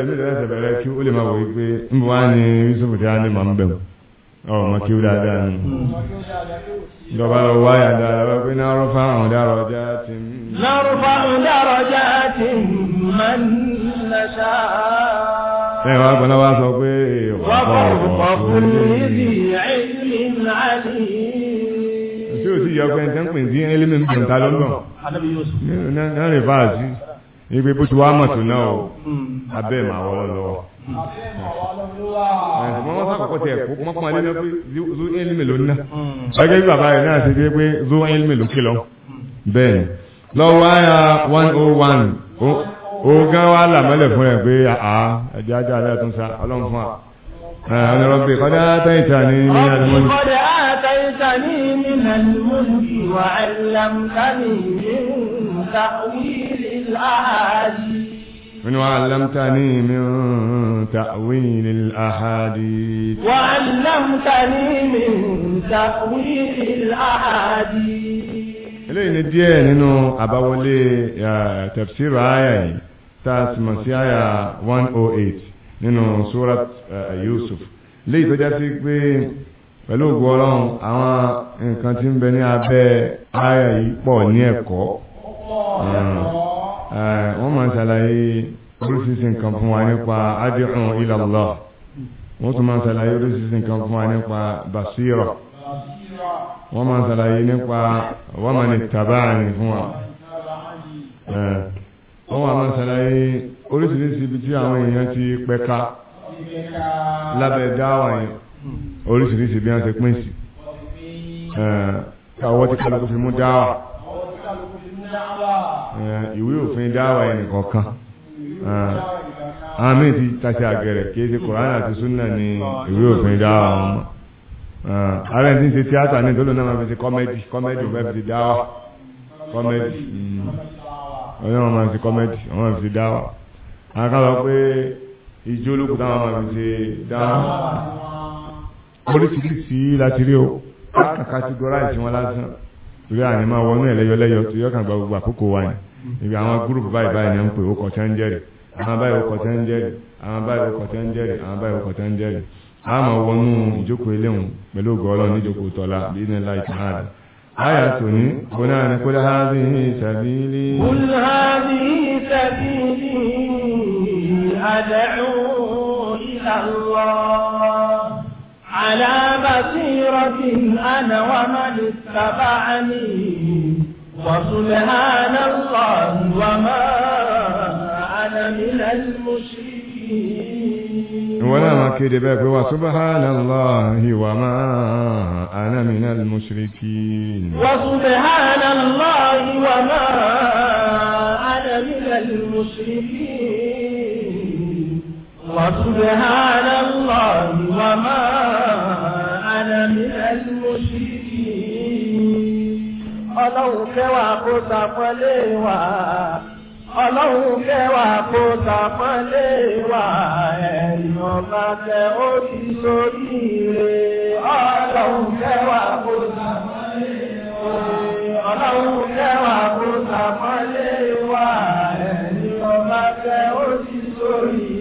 ẹlòmíì lẹ́sẹ̀ bẹ̀rẹ̀ kí ó lè máa wò ó pé ń bọ̀ wá ní Yusuf tí a ní màá ń bẹ̀rù ọ̀rọ̀ mọ́ kí ó dáadáa ni. ìjọba lọ wá yàda lọ́wọ́ pé náà rọ́ fáwọn dárọ̀ ọjà ti ń. náà rọ́ fáwọn dárọ̀ ọjà ti ń máa ń lẹ́sà. ẹ sọ pé wọ́n kọ̀ ọ̀kọ̀ tí ó sì yọ ibi bó ti wá mọ̀ tó náà o abẹ́ mà wọ́ lọ́wọ́. ẹ̀sùn wọn sàkókò tiẹ̀ kó mọ́kàn alẹ́ náà pé zu elmi ló ná. Mm. gẹ́gẹ́ bí bàbá rẹ̀ náà ṣe dé pé zu elmi ló kìlọ̀. bẹ́ẹ̀ lọ́wọ́ àyà one oh one ogan wa làmọ́lẹ̀ fún ẹ pé àá ẹ̀jẹ̀ ajá alẹ́ tún sa ọlọ́run fún wa. ọ̀nà rọ̀bì kọ́dá àtẹ̀yìntà ní ní àdúgbò. kọ́dá àtẹ̀yìntà ní ní الأحاديث من وعلمتني من تأويل الأحاديث وعلمتني من تأويل الأحاديث eléyìí ni díẹ̀ nínú àbáwọlé tafsir àyà yìí tá a sì mọ̀ sí àyà 108 nínú surat Yusuf léyìí tó jásí pé pẹ̀lú ògùn ọlọ́run àwọn nǹkan tí ń bẹ ní abẹ́ àyà yìí pọ̀ ní ẹ̀kọ́ wọ́n máa ṣàlàyé oríṣiríṣi nǹkan fún wa nípa ad'u ila Allah wọ́n tún máa ṣàlàyé oríṣiríṣi nǹkan fún wa nípa basira wọ́n máa ṣàlàyé nípa wa man ittaba'ani fún wa wọ́n wà máa ṣàlàyé oríṣiríṣi ibi tí àwọn èèyàn ti pẹ̀ka lábẹ́ dáwà yẹn oríṣiríṣi bí wọ́n ti pín sí àwọn tí kálukú fi mú dáwà ìwé òfin dáwà ẹnìkọ̀ọ̀kan àmì ti tàṣà àgẹ̀rẹ̀ kìí ṣe kòránà àti súnà ní ìwé òfin dáwà wọn mọ́ ààrẹ ti ń ṣe tíátà ní ìdólò náà máa fi ṣe kọ́mẹ́dì kọ́mẹ́dì òfin fi dáwà kọ́mẹ́dì hmm. ọlọ́run máa fi kọ́mẹ́dì wọ́n máa fi dáwà àkàlọ́ pé ìjó olókùn táwọn máa fi ṣe dáwà oríṣiríṣi láti rí o kàkà ti dọ́ra ìṣẹ́ lásán torí àyìn máa wọnú ẹ̀ lẹ́yọ lẹ́yọ tó yọkàn gba gbogbo àkókò wa ni ibi àwọn gúrùpù báyìí báyìí ni ń pè ókọ̀ tẹ́ ń jẹ́rì àwọn báyìí ókọ̀ tẹ́ ń jẹ́rì àwọn báyìí ókọ̀ tẹ́ ń jẹ́rì àwọn báyìí ókọ̀ tẹ́ ń jẹ́rì a máa wọnú ìjókòó eléhùn pẹ̀lú ògo Ọlọ́run níjókòó tọ́lá bí ní láì tàn sabili. qul sabili ad'u ila Allah. على بصيرة أنا ومن اتبعني وسبحان الله وما أنا من المشركين ولا مكيد بك وسبحان الله وما أنا من المشركين وسبحان الله وما أنا من المشركين وسبحان الله وما kana minal mushrikin. ọlọ́run kẹwàá kó sàpọ́nlé wa ọlọ́run kẹwàá kó sàpọ́nlé wà ẹ̀yìn ọba tẹ ó ti sórí rẹ̀ ọlọ́run kẹwàá kó sàpọ́nlé wa ọlọ́run kẹwàá kó ọba tẹ ó ti sórí